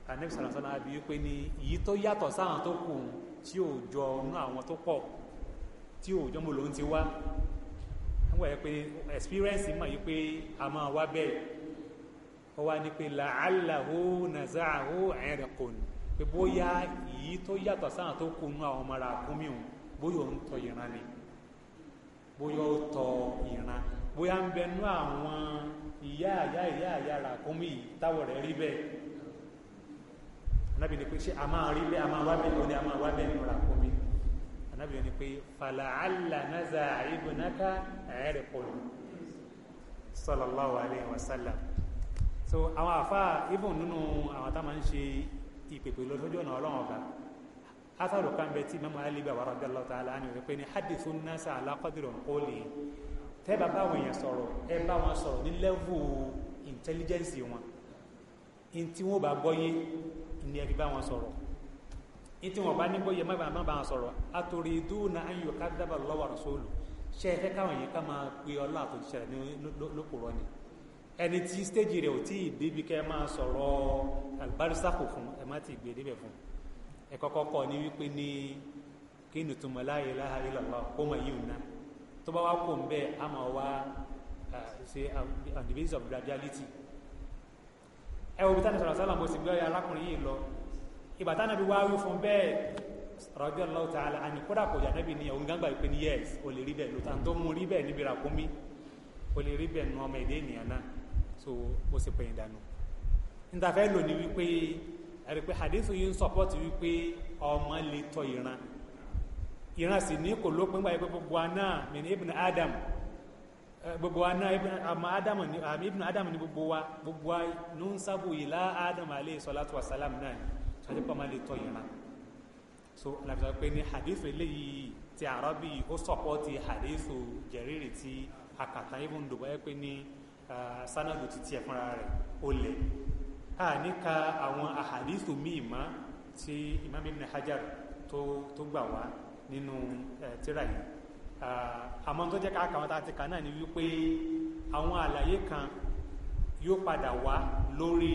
anabi sọ̀rọ̀ sọ̀rọ̀ àbí wípé ní èyí tó yàtọ̀ sáwọn tó kù tí ò jọ ọ̀nù àwọn tó pọ̀ tí ò jọ́ mo lòún ti wá wọ́n yẹ pé experience mọ̀ yí pé a máa wá bẹ́ẹ̀ ó wá ní pé làálàhó nàzáàhó ẹ̀rẹ̀kùn pé bóyá èyí tó yàtọ̀ sáwọn tó kù nù àwọn ọmọ rà kúmíùn bóyá òun tọ̀ yìí ni bóyá ó tọ ìran bóyá ń bẹnu àwọn ìyá àyá ìyá àyá ràkúnmí yìí táwọ̀ rẹ̀ rí bẹ́ẹ̀ anábìyẹn ni pé ṣé a máa rí bẹ́ẹ̀ a máa wá bẹ́ẹ̀ lónìí a máa wá bẹ́ẹ̀ nù ràkúnmí anábìyẹn ni pé fàlàálà nàzà ibùnáká ẹ̀ẹ́rẹ̀ pọ̀lù sallallahu alayhi wa sallam so àwọn àfa ibùn nínú àwọn táwọn máa ń ṣe ìpèpè lọ́sọ́jọ́ ọ̀nà ọlọ́run ọ̀gá asaru kan bẹ tí mamu ali bẹ wàrà dala ta ala ni o pe ni hadithu nasa ala qadri qawli tẹ́ bá bá wọn yẹn sọ̀rọ̀ ẹ bá wọn sọ̀rọ̀ ní lẹ́vù intelligence wọn ntí wọn bá gbọ́ yé ni ẹ fi bá wọn sọ̀rọ̀ ntí wọn bá ní gbọ́ yé má bàa má bàa sọ̀rọ̀ aturiduna an yukadhdhaba Allahu wa rasuluhu ṣe ẹ fẹ́ káwọn yẹn ká máa pe ọlọ́ àtúnṣe rẹ̀ ní lókùrọ̀ ni ẹni tí stéèjì rẹ̀ ò tí ì débi kẹ́ máa sọ̀rọ̀ àlùbárísàkò fún ẹ má ti gbé débẹ̀ fún un ẹ̀kọ́ kọ́kọ́ ni wípé ní kí ni túmọ̀ la ilaha illallah kó mọ̀ yìí ná tó bá wá kó ń bẹ́ẹ̀ á máa wá ṣe on the basis of graduality ẹ wo bí tánà sọ̀rọ̀ sálàmù ó sì gbé alákùnrin yìí lọ ìgbà tánà bí wá wí fún bẹ́ẹ̀ radiyallahu ta'ala àní kódà kò jà nábì nìyẹn òun gángbà pé ní yẹ́s ò lè rí bẹ́ẹ̀ lóta tó mú rí bẹ́ẹ̀ níbi ràkúnmí ò lè rí bẹ́ẹ̀ nu ọmọ èdè ènìyàn náà so ó sì pẹ̀yìn dànù níta fẹ́ wípé ẹ̀rí pé hadith yìí ń sọpọ́tì wípé ọmọ lè tọ́ ìran ìran sì ní kò lópin gbà pé gbogbo aná mi ní ibn adam gbogbo aná ọmọ adam ní àmì adam ní gbogbo wa gbogbo wa ló ń sábò yìí lá adam alayhi salatu wa salam náà sọ pé ọmọ lè tọ́ ìran so làbìsọ̀ pé ní hadith eléyìí ti àrọ́bì ó sọpọ́tì hadith jẹ̀rìrì ti akàtà ibùdó báyẹ̀ pé ní sanadu ti tiẹ̀ fúnra rẹ̀ ó lẹ̀ a ah, ní ka àwọn àhàdíìsì míì mọ́ tí Imam Ibn Hajar tó tó gbà wá nínú eh, tírà yìí ah, àmọ́ tó jẹ́ káàkà wọn tá a ti kà náà ni wípé àwọn àlàyé kan yóò padà wá lórí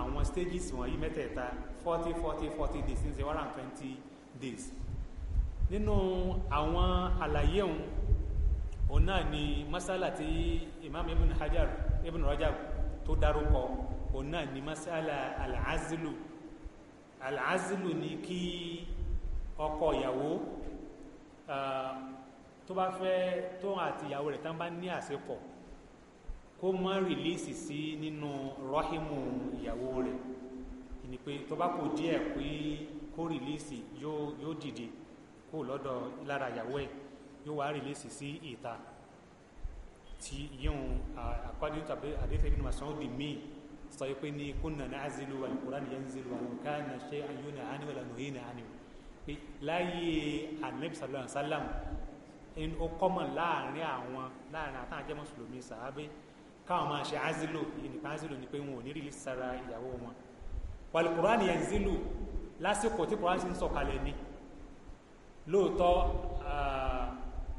àwọn stages wọ̀nyí mẹ́tẹ̀ẹ̀ta forty forty forty days ní one twenty days nínú àwọn àlàyé òun òun náà ni masala tí Imam Ibn Hajar Ibn Rajab tó dárúkọ òun náà ni masala alhazilu alhazilu ni kí ọkọ ìyàwó tó bá fẹ́ tóun àti ìyàwó rẹ̀ tán bá ní àṣepọ̀ kó má rìlíìsì sí nínú rọ́hìmù ìyàwó rẹ̀ ni pé tó bá kò díẹ̀ pé kó rìlíìsì yóò dìde kó lọ́dọ̀ lára ìyàwó ẹ̀ yóò wá rìlíìsì sí ìta tí yíyún according to àdéhùn ibn Mas'ud míì sọ pé ní kúnnà náà azilu alukurani yẹn zilu alukana ṣe ayúna ani wàlá nuhina ani pé láyé anabi sallallahu alayhi wa sallam ó kọ́mọ̀ láàrin àwọn láàrin àtàwọn ajẹ́ mùsùlùmí sàábé káwọn máa ṣe azilu yìí nípa azilu ni pé wọn ò ní rìlí sara ìyàwó wọn walukurani yẹn zilu lásìkò tí kurani ti ń sọ̀kalẹ̀ ni lóòótọ́ ah,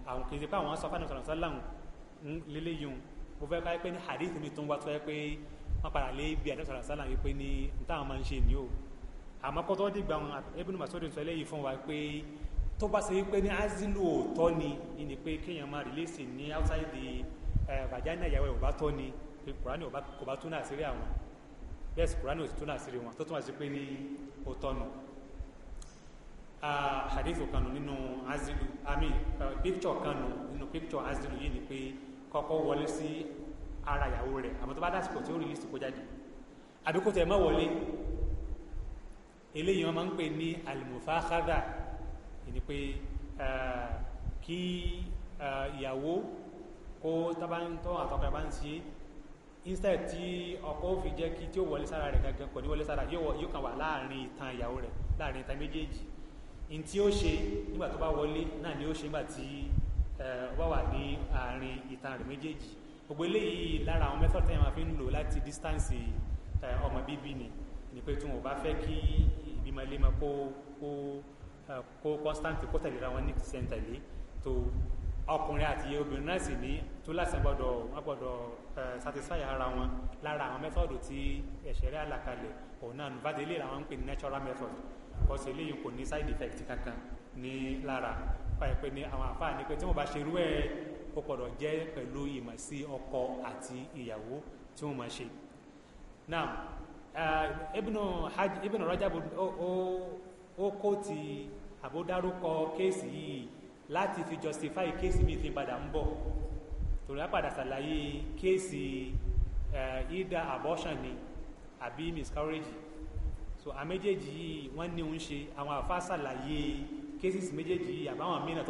àwọn kìí ṣe pé àwọn sọ fún anabi sallallahu o fẹ́ ká pé ní hadith mi tó ń wá tó yẹ pé wọ́n padà lé ibi àdébùsọ̀rọ̀ sálà wípé ní táwọn máa ń ṣe nìyó àmọ́ kọ́tọ́ dìgbà wọn Ibn Mas'ud sọ eléyìí fún wa pé tó bá ṣe wípé ní azilu òótọ́ ni ni pé kéèyàn máa rìlẹ́sì ní outside the eh, vagina ìyàwó ẹ̀ ò bá tọ́ ni pé kùránì kò bá tún àṣírí àwọn bẹ́ẹ̀ sì kùránì ò sì tún àṣírí wọn tó tún wá sí pé ní òótọ́ ah, nù hadithu kanu nínú azilu àmì eh, picture kanu nínú picture azilu yìí ni pé kọ́kọ́ wọlé sí ara ìyàwó rẹ̀ àmọ́ tó bá dásìkò tí ó rí lísìkò jáde àbí kò tẹ̀ mọ́ wọlé eléyìí wọn máa ń pè ní alimofakhada ìní pé kí ìyàwó kó tábàntọ́ àtọkọ bá ń ṣe instead tí ọkọ fi jẹ́ kí tí ó wọlé sára rẹ̀ gangan kò ní wọlé sára yóò kàn wà láàrin ìtàn ìyàwó rẹ̀ láàrin ìtàn méjèèjì in tí ó ṣe nígbà tó bá wọlé náà ni ó ṣe nígbà tí ó bá wà ní àárín ìtàn rẹ̀ méjèèjì gbogbo eléyìí lára àwọn method tẹ́yìn máa fi ń lò láti distance eh, ọmọ bíbí ni ni pé tí wọn ò bá fẹ́ kí ìbímọ ẹlẹ́mọ kó kó eh, kó constant kó tẹ̀léra wọn ní sẹ́ńtẹ̀lé tó ọkùnrin àti obìnrin náà sì ní tó láti gbọ́dọ̀ wọ́n gbọ́dọ̀ eh, satisfy ara wọn lára àwọn method tí ẹ̀ṣẹ̀rẹ́ àlàkalẹ̀ òun náà nùbàdé lè ra wọn ń pè ní natural method kọ́sì eléyìí kò ní side effect kankan ní lára báyìí pé ní àwọn àfáà ní pé tí wọn bá ṣerú ẹ̀ ó gbọ́dọ̀ jẹ́ pẹ̀lú ìmọ̀ sí ọkọ àti ìyàwó tí wọ́n máa ṣe now eh, ibnu hajj ibnu rajab ó kó ti àbódárúkọ kéèsì yìí láti fi justify kéèsì mi ti padà ń bọ̀ torí á ṣàlàyé kéèsì eh, ida abortion ni àbí miscarriage so àwọn méjèèjì yìí wọ́n ní òun ṣe àwọn àfa ṣàlàyé kéèsì méjèèjì yìí àbáwọn mìíràn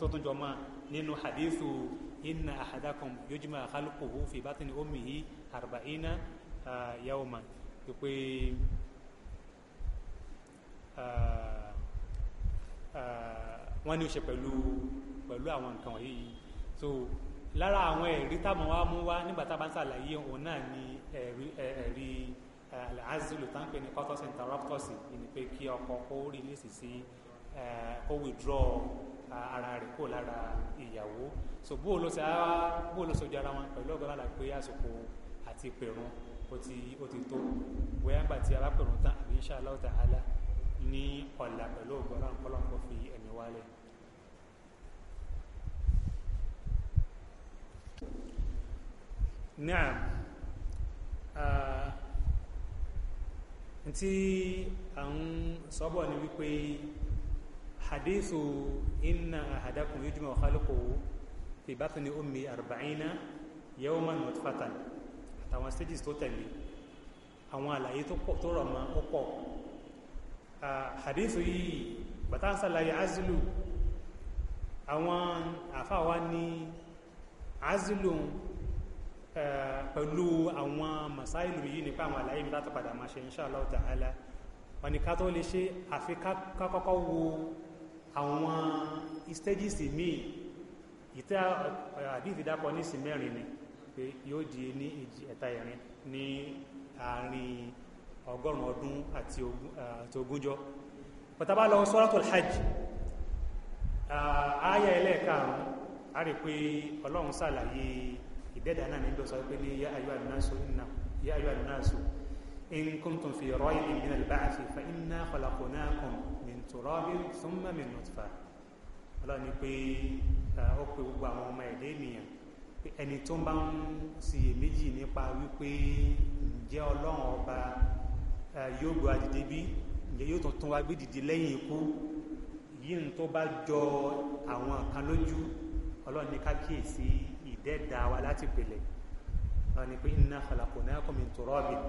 tó tún jọ máa nínú hadithu inna ahadakum yujma khalquhu fi batni ummihi arba'ina ah, yawma pípé ah, ah, wọ́n ní ó ṣe pẹ̀lú pẹ̀lú àwọn nǹkan wọ̀nyí so lára àwọn ẹ̀rí táwọn wa mú wá nígbà tá a bá ń ṣàlàyé òun náà ni ẹ̀rí ẹ̀rí azilu tá ń pè ní cortus interruptus ni pé kí ọkọ kó release sí eh, kó withdraw ara rẹ̀ kó lára ìyàwó so bó ló ṣe á bó ló ṣojú ara wọn pẹ̀lú ọgọ́rọ̀ àlà pé àsìkò àti pẹ̀rùn ó ti ó ti tó bóyá ńgbà tí a bá tán àbí insha Allah ta'ala ní ọ̀la pẹ̀lú ọgọ́rọ̀ àǹkọ́lọ́ǹkọ́ fi ẹ̀mí wálẹ̀. naam ntí à ń sọ́bọ̀ ni wípé hadithu inna ahadakum yujma'u khalquhu fi batni ummi arba'ina yawman nutfatan àtàwọn stages tó tẹ̀lé àwọn àlàyé tó rọ̀ mọ́ ó pọ̀ hadithu yìí bàtà ń sàlàyé azulu àwọn àfáwa ní azulu pẹ̀lú àwọn masáìlú yìí nípa àwọn àlàyé mi láti padà máa ṣe insha ta'ala wọn ni ká tó ṣe àfi ká kọ́kọ́ wo àwọn stages míì ìtẹ́ àdìsí dákọ̀ ní sí mẹ́rin ni pé yóò di ní èjì ẹ̀ta ìrìn ní àárín ọgọ́rùn-ún ọdún àti ogúnjọ́ pàtàbá lọ suratul hajj ààyè ẹlẹ́ẹ̀karùn-ún a rí pé ọlọ́run ṣàlàyé ìdẹ́dà náà nígbà sọ pé ní yá ayọ́ in kuntum fi raybin min al-ba'thi fa inna khalaqnakum turabin thumma min nutfa ọlọ́run ni pé ó pe gbogbo àwọn ọmọ ẹ̀dẹ́ ènìyàn pé ẹni tó bá ń ṣiyèméjì nípa wípé ǹjẹ́ ọlọ́run ọba yóò gbọ́ adìde bí ǹjẹ́ yóò tún tún wá gbé dìde lẹ́yìn ikú yìí tó bá jọ àwọn kan lójú ọlọ́run ní ká kíyèsí ìdẹ́ẹ̀dá wa láti pèlẹ̀ ọlọ́run ni pé inna khalaqnakum min turabin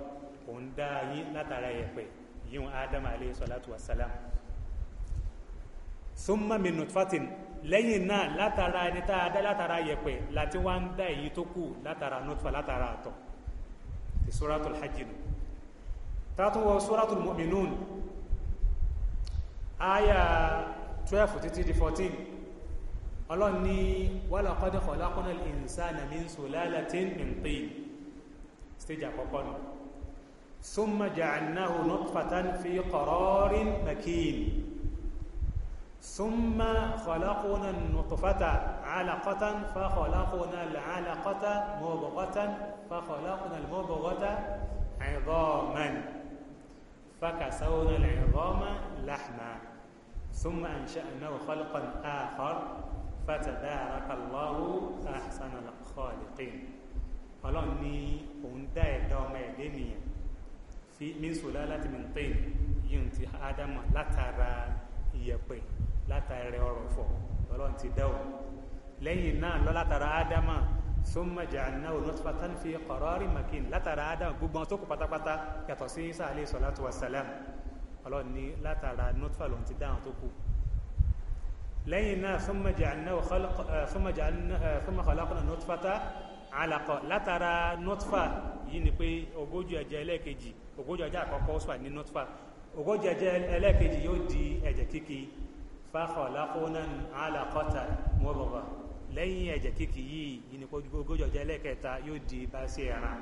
òun dá yín látara ẹ̀pẹ̀ yíyún ádámù alayhi salatu wa salam thumma min nutfatin lẹ́yìn náà látara ẹni tá a dá látara yẹ̀pẹ̀ láti wá ń dá èyí tó kù látara nutfa látara àtọ̀ ti suratul hajj nù tààtún wọ suratul mu'minun aya 12 títí di 14 ọlọ́run ní walaqad khalaqnal insana min sulalatin min tin stage àkọ́kọ́ nù thumma ja'alnahu nutfatan fi qararin makin ثم خلقنا النطفة علقة فخلقنا العلقة مضغة فخلقنا المضغة عظاما فكسونا العظام لحما ثم أنشأناه خلقا آخر فتبارك الله أحسن الخالقين Ọlọ́run ní òun dá ẹ̀dá ọmọ ẹ̀dẹ́ nìyẹn fi min sulalati min tin yìí ti Ádámù látara ìyẹ̀pẹ̀ látàrí ọrọ̀ fọ̀ ọlọ́run ti dẹ́wọ̀ lẹ́yìn náà lọ́látara ádámà summa ja'alnahu nutfatan fi qararin makin látara ádámà gbogbo wọn tó kù pátápátá yàtọ̀ sí isa alayhi salatu wassalam ọlọ́run ní látara nutfa lòun ti dáhùn tó kù lẹ́yìn náà summa ja'alnahu eh, eh, summa khalaqna nutfata alaqa látara nutfa yìí ni pé ogójì ẹ̀jẹ̀ ẹlẹ́ẹ̀kejì ogójì ẹ̀jẹ̀ àkọ́kọ́ ó sọ ní nutfa ogójì ẹ̀jẹ̀ ẹlẹ́ẹ̀kejì yóò di ẹ̀jẹ̀ kíkì fakhalaqna alaqatan mudghah lẹ́yìn ẹ̀jẹ̀ kíkì yìí ìnìkó ogójì ọjọ́ ẹlẹ́kẹta yóò di bá sí ẹran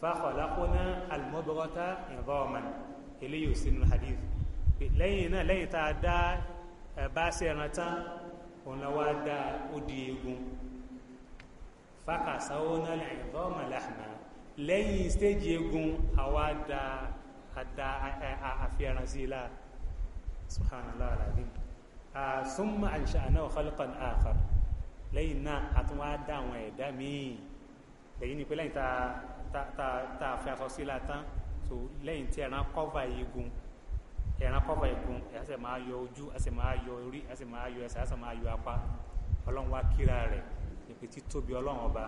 fakhalaqna al-mudghata idhaman eléyìí ò sínú hadith lẹ́yìn náà lẹ́yìn tá a dá bá sí ẹran tán òun la wá dá ó di eegun fakasawna al-idhama stéèjì eegun àwa dá àdá àfihàn sí i láà subhanallah alazim thumma ah, ansha'nahu khalqan akhar lẹ́yìn náà a tún wá dá àwọn ẹ̀dá míì lẹ́yìn ni pé lẹ́yìn tá tá tá tá a fi aṣọ sí la tán so lẹ́yìn tí ẹran kọ́va eegun ẹran kọ́va eegun ẹ̀ á sì máa yọ ojú á sì máa yọ orí á sì máa yọ ẹsẹ̀ á sì máa yọ apá ọlọ́run wá kíra rẹ̀ ìpè títóbi ọlọ́run ọba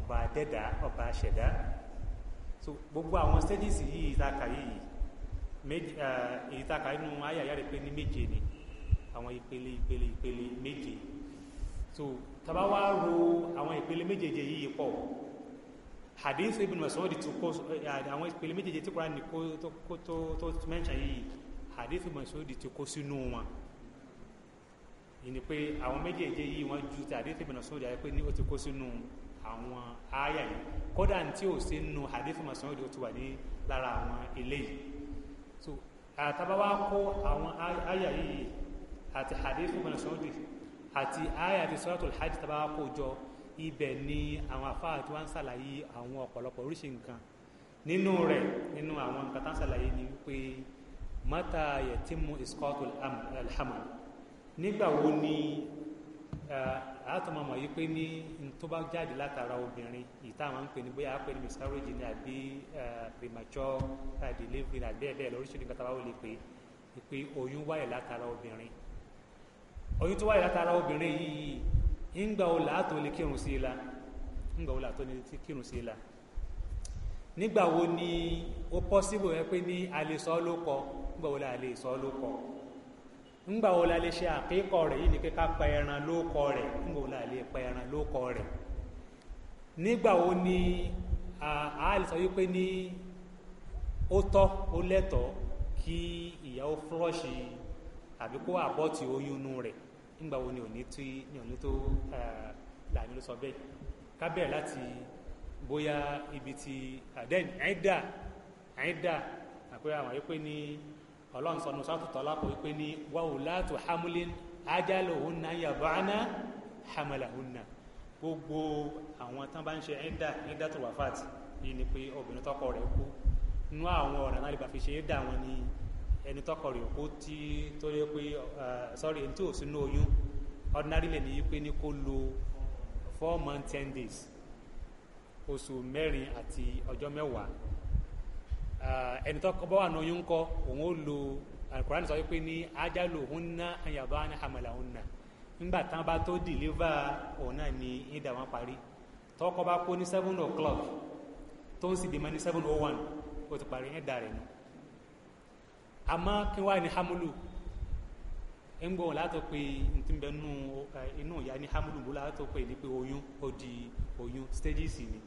ọba adẹ́dá ọba aṣẹ̀dá so gbogbo àwọn stages yìí ìtaka yìí ìtaka eh, inú ayàyà rẹ̀ pé ní méje ni àwọn ìpele ìpele ìpele méje so tàbá wá ro àwọn ìpele méjèèje yìí pọ̀ hadith ibn Mas'ud tó kó eh, eh, àwọn ìpele méjèèje tí Kùránì kó tó tó tó mẹ́ńṣà yìí hadith ibn Mas'ud tó kó sínú wọn ìní pé àwọn méjèèje yìí wọ́n ju ti hadith ibn Mas'ud àyẹ́ pé ní ó ti kó sínú àwọn àyà yìí kódà tí ò sí nu hadith ibn Mas'ud ó ti wà ní lára àwọn eléyìí so àtàbá wá kó àwọn àyà yìí àti hadith ibn Mas'udi àti aya àti suratul hajj tàbá kó jọ ibẹ̀ ni àwọn afáà tí wọ́n ń ṣàlàyé àwọn ọ̀pọ̀lọpọ̀ oríṣi nǹkan nínú rẹ̀ nínú àwọn nǹkan tá ń ṣàlàyé ni wípé mata yatimu isqatul alhamal nígbà wo ni àtọmọmọ yìí pé ní tó bá jáde látara obìnrin yìí táwọn ń pè ní bóyá pè ní miscarriage ni àbí premature delivery àbí lóríṣiríṣi nǹkan tá a bá wọlé pé pé oyún wáyé látara obìnrin oyún tó wáyé látara obìnrin yìí ńgbà wo làátó lè kírun sí la ńgbà lè kírun sí la nígbà ni a lè sọ ọ́ ló kọ ńgbà la lè sọ ọ́ ló kọ ńgbà wo lè ṣe àkíkọ rẹ̀ yìí ni kíkà pa ẹran ló kọ rẹ̀ ńgbà wo lè pa ẹran ló kọ ni a lè sọ wípé ní ó tọ́ ó lẹ́tọ̀ọ́ kí ìyàwó fúrọ́ọ̀ṣì àbí kó ńgbà wo ni òní tí ni òní tó làmì ló sọ bẹ́ẹ̀ ká bẹ̀rẹ̀ láti bóyá ibi tí then ẹ̀dà ẹ̀dà àpẹẹrẹ àwọn yìí pé ní ọlọ́run sọnù sọ́tùtọ̀ lápò yìí pé ní wàhù látò hamlin ájálò òun náà yàbọ̀ánà hamalahunna gbogbo àwọn tán bá ń ṣe ẹ̀dà ẹ̀dà tó wà fàtì yìí ni pé obìnrin tọkọ rẹ̀ kú nú àwọn ọ̀rẹ́ náà lè bá fi ṣe ẹ̀dà wọn ni ẹni tọkọ rẹ̀ kó tí tó yẹ pé sorry ẹni tí ò sínú oyún ordinary lè ní pé ní kó lo four months ten days oṣù mẹ́rin àti ọjọ́ mẹ́wàá ẹni tọkọ bá wà ní oyún kọ́ òun ó lo alukurani sọ wípé ní ajalu hunna ayaba ní hamala hunna nígbà tán bá tó deliver òun náà ni ìdá wọn parí tọkọ bá kó ní seven o'clock tó ń sì dìmọ ní seven o oh one ó ti parí ẹ̀dá rẹ̀ nù. No àmọ́ kí wá ní hamulu ń gbọ́ látọ̀ pé ntúbẹ̀ nù inú ìyá ní hamulu bó látọ̀ pé ní pé oyún ó di oyún stages ni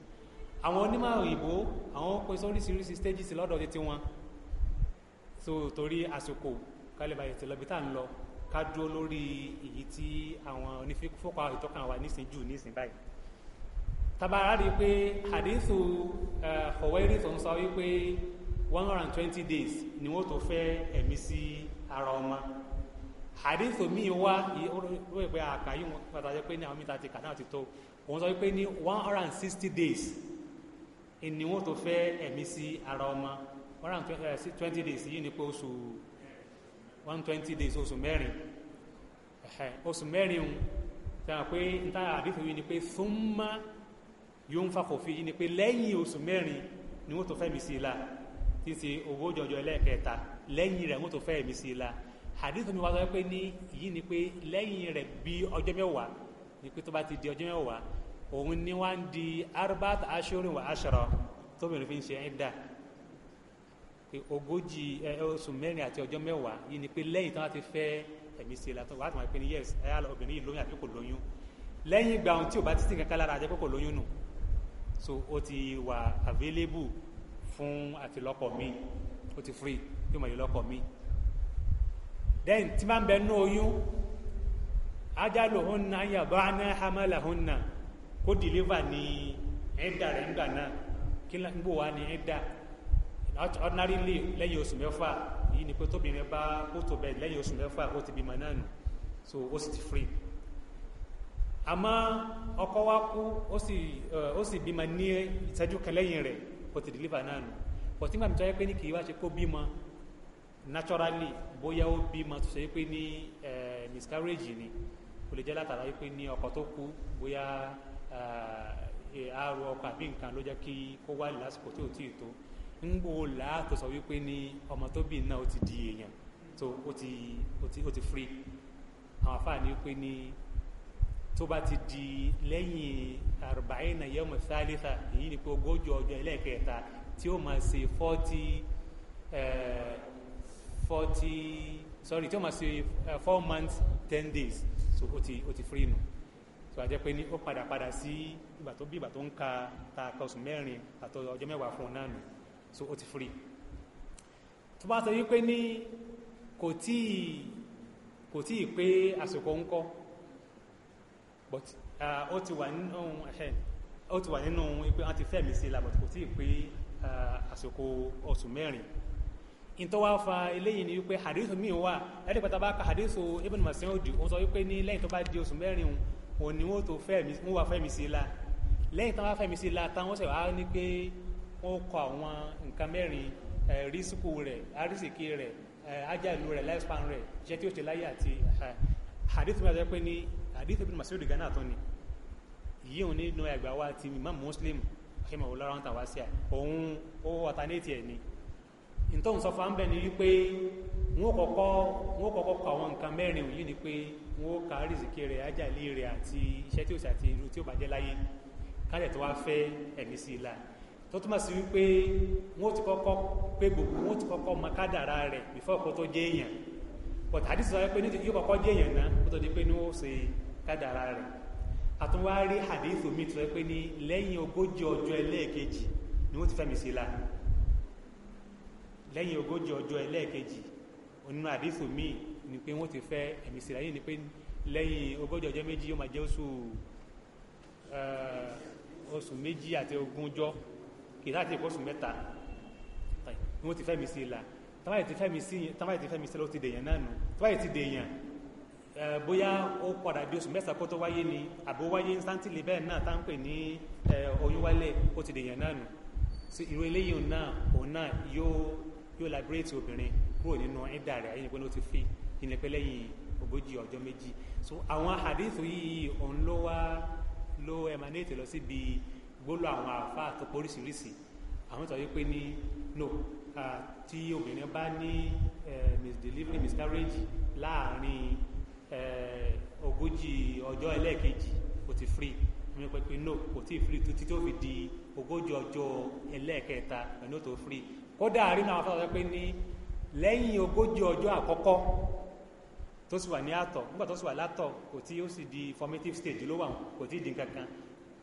àwọn onímọ̀ òyìnbó àwọn pè sóríṣiríṣi stages lọ́dọ̀ títí wọn so torí àsìkò kálíbà ètò lọ́bìtà ń lọ ká dúró lórí èyí tí àwọn onífífọ́pá ìtọ́kàn wa nísìn jù nísìn báyìí tabara rí i pé hadithu ọ̀wẹ́rì tó ń sọ wípé one hundred and twenty days ni wọ́n tó fẹ́ ẹ̀mí sí ara ọmọ àdéhùn mi wá ìwé ìpè àkàyè wọn pàtàkì pé ní àwọn mìta ti kà náà ti tó òun sọ pé ní one hundred and sixty days ni wọ́n tó fẹ́ ẹ̀mí sí ara ọmọ one hundred and twenty days yìí ni pé oṣù one hundred and twenty days oṣù mẹ́rin oṣù mẹ́rin ń sẹ́wọ̀n pé n ta àdéhùn yìí ni pé súnmọ́ yóò ń fa kò fi yìí ni pé lẹ́yìn oṣù mẹ́rin ni wọ́n tó fẹ́ sí i la tí ń ṣe ogójì ọjọ́ ẹlẹ́ẹ̀kẹta lẹ́yìn rẹ̀ wọ́n tó fẹ́ ẹ̀mí sí i la hadith mi wá sọ pé ní èyí ni pé lẹ́yìn rẹ̀ bí ọjọ́ mẹ́wàá ni pé tó bá ti di ọjọ́ mẹ́wàá òun ni wá di arbat ashurin wa ashara tóbìnrin fi ń ṣe ẹ̀dá pé ogójì oṣù mẹ́rin àti ọjọ́ mẹ́wàá yìí ni pé lẹ́yìn tí wọ́n ti fẹ́ ẹ̀mí sí i la tó wá tó máa pé ní yes ẹ̀yà obìnrin yìí lóyún àbí kò lóyún lẹ́yìn ìgbà ohun so ó ti available fún àti lọkọ mi ó ti free yóò mọ̀ yìí lọ́kọ mi then tí máa ń bẹ nú oyún ajaluhunna yada'na hamalahunna kó deliver ní ẹ̀dà rẹ̀ ńgbà náà kí n gbò wá ní ẹ̀dà ordinarily lẹ́yìn oṣù mẹ́fà yìí ni pé tóbìnrin bá kó tó lẹ́yìn oṣù mẹ́fà ó ti bímọ náà nù so ó sì ti free àmọ́ ọkọ wa For ti deliver náà nù pọ̀tí gbàmí tó yẹ pé ní kì í wá ṣe kó bímọ naturally bóyá ó bímọ tó ṣe pé ní miscarriage ni kò lè jẹ́ látara wípé ní ọkọ tó kú bóyá àrò ọkọ àbí nǹkan ló jẹ́ kí kó wá lásìkò tí ò tí ì tó ń gbò láàtò sọ wípé ní ọmọ tó bí náà ó ti di èèyàn tó ó ti ó ti free àwọn afáàní wípé ní tó bá ti di lẹ́yìn arba'ina yawm thalitha èyí ni pé ogójì ọjọ́ ẹlẹ́ẹ̀kẹta tí ó máa ṣe forty forty sorry tí ó máa ṣe four months ten days so ó ti ó ti free nù so àjẹ́ pé ní ó padà padà sí ìgbà tó bí ìgbà tó ń ka ta ka oṣù mẹ́rin àti ọjọ́ mẹ́wàá fún un náà nù so ó ti free tó bá sọ wípé ní kò tíì kò tíì pé àsìkò ńkọ́ but ó ti wà nínú ó ti wà nínú pé wọ́n ti fẹ́ mi sí la but kò tí ì pé àsìkò oṣù mẹ́rin ìtọ́wá fa eléyìí ni wípé hadith mi wà ẹ̀rí pátá bá ka hadith Ibn Mas'ud ó sọ wípé ní lẹ́yìn tó bá di oṣù mẹ́rin òun ni wọ́n tó fẹ́ mi wọ́n wà fẹ́ mi sí la lẹ́yìn tó bá fẹ́ mi sí la táwọn ṣe wàá ní pé wọ́n kọ àwọn nǹkan mẹ́rin rísíkù rẹ̀ arísìkí rẹ̀ ajáìlú rẹ̀ lifespan rẹ̀ iṣẹ́ tí ó ṣe láyé àti hadith mi àti pé ní àdìsí ibn Mas'ud gánà tó ni yìí òun nínú ẹgbàá wa ti Imam Muslim ahimah olóra ń tàwá sí à òun ó ọ̀tánẹ́tì ẹ̀ ni nítorí sọ fún ambẹ́ ni wípé wọn kọ́kọ́ wọn kọ́kọ́ kọ àwọn nǹkan mẹ́rin yìí ni pé wọn ó ka rìsìkì rẹ̀ ajáàlì rẹ̀ àti iṣẹ́ tí ó ṣàti irú tí ó bàjẹ́ láyé kálẹ̀ tó wá fẹ́ ẹ̀mí sí i la tó túmọ̀ sí wípé wọn ó ti kọ́kọ́ pé gbogbo wọn ó ti kọ́kọ́ mọ kádàrá rẹ̀ bífọ́ kó tó jẹ́ èèyàn pọ̀tàdísọ̀ wípé yóò kọ́kọ́ jẹ́ èèyàn náà kó tó di pé ní ó ṣe kádàrá rẹ̀ àtúnwá rí hadith omi tó yẹ pé ní lẹ́yìn ogójì ọjọ́ ẹlẹ́ẹ̀kejì ni wọ́n ti fẹ́mi sí la lẹ́yìn ogójì ọjọ́ ẹlẹ́ẹ̀kejì onínú hadith omi ni pé wọ́n ti fẹ́ ẹ̀mí sí la yìí ni pé lẹ́yìn ogójì ọjọ́ méjì yóò máa jẹ́ oṣù eh, oṣù méjì àti ogúnjọ́ kì í láti oṣù mẹ́ta ni wọ́n ti fẹ́mi sí la tábàyè ti fẹ́mi sí tábàyè ti fẹ́mi sí la ó ti dèèyàn náà nù tábàyè ti dèèyàn bóyá ó padà bí oṣù mẹ́sàn-án kó tó wáyé ni àbó wáyé sáńtìlì bẹ́ẹ̀ náà tá ń pè ní oyún wálé ó ti dèèyàn náà nù sí irú eléyìí òun náà òun náà yóò yóò labireti obìnrin kúrò nínú ẹ̀dà rẹ̀ ayé ni pé ló ti fi ilẹ̀ pẹ́ lẹ́yìn ogójì ọjọ́ méjì so àwọn àdéhùn yìí òun ló wá ló emanate lọ síbi gbólọ àwọn àfa tó poríṣiríṣi àwọn tó yẹ pé ní no tí obìnrin bá ní misdelivery miscarriage láàrin. Eh, ogójì ọjọ́ ẹlẹ́ẹ̀kejì kò ti free ní pẹpẹ no kò tí ì free títí tó fi di ogójì ọjọ́ ẹlẹ́ẹ̀kẹta ẹni tó free kódà àrínú àwọn afẹ́fẹ́ pé ní lẹ́yìn ogójì ọjọ́ àkọ́kọ́ tó sì wà ní àtọ̀ nígbà tó sì wà látọ̀ kò tí ó sì di formative stage ló wà kò tí ì di nǹkan kan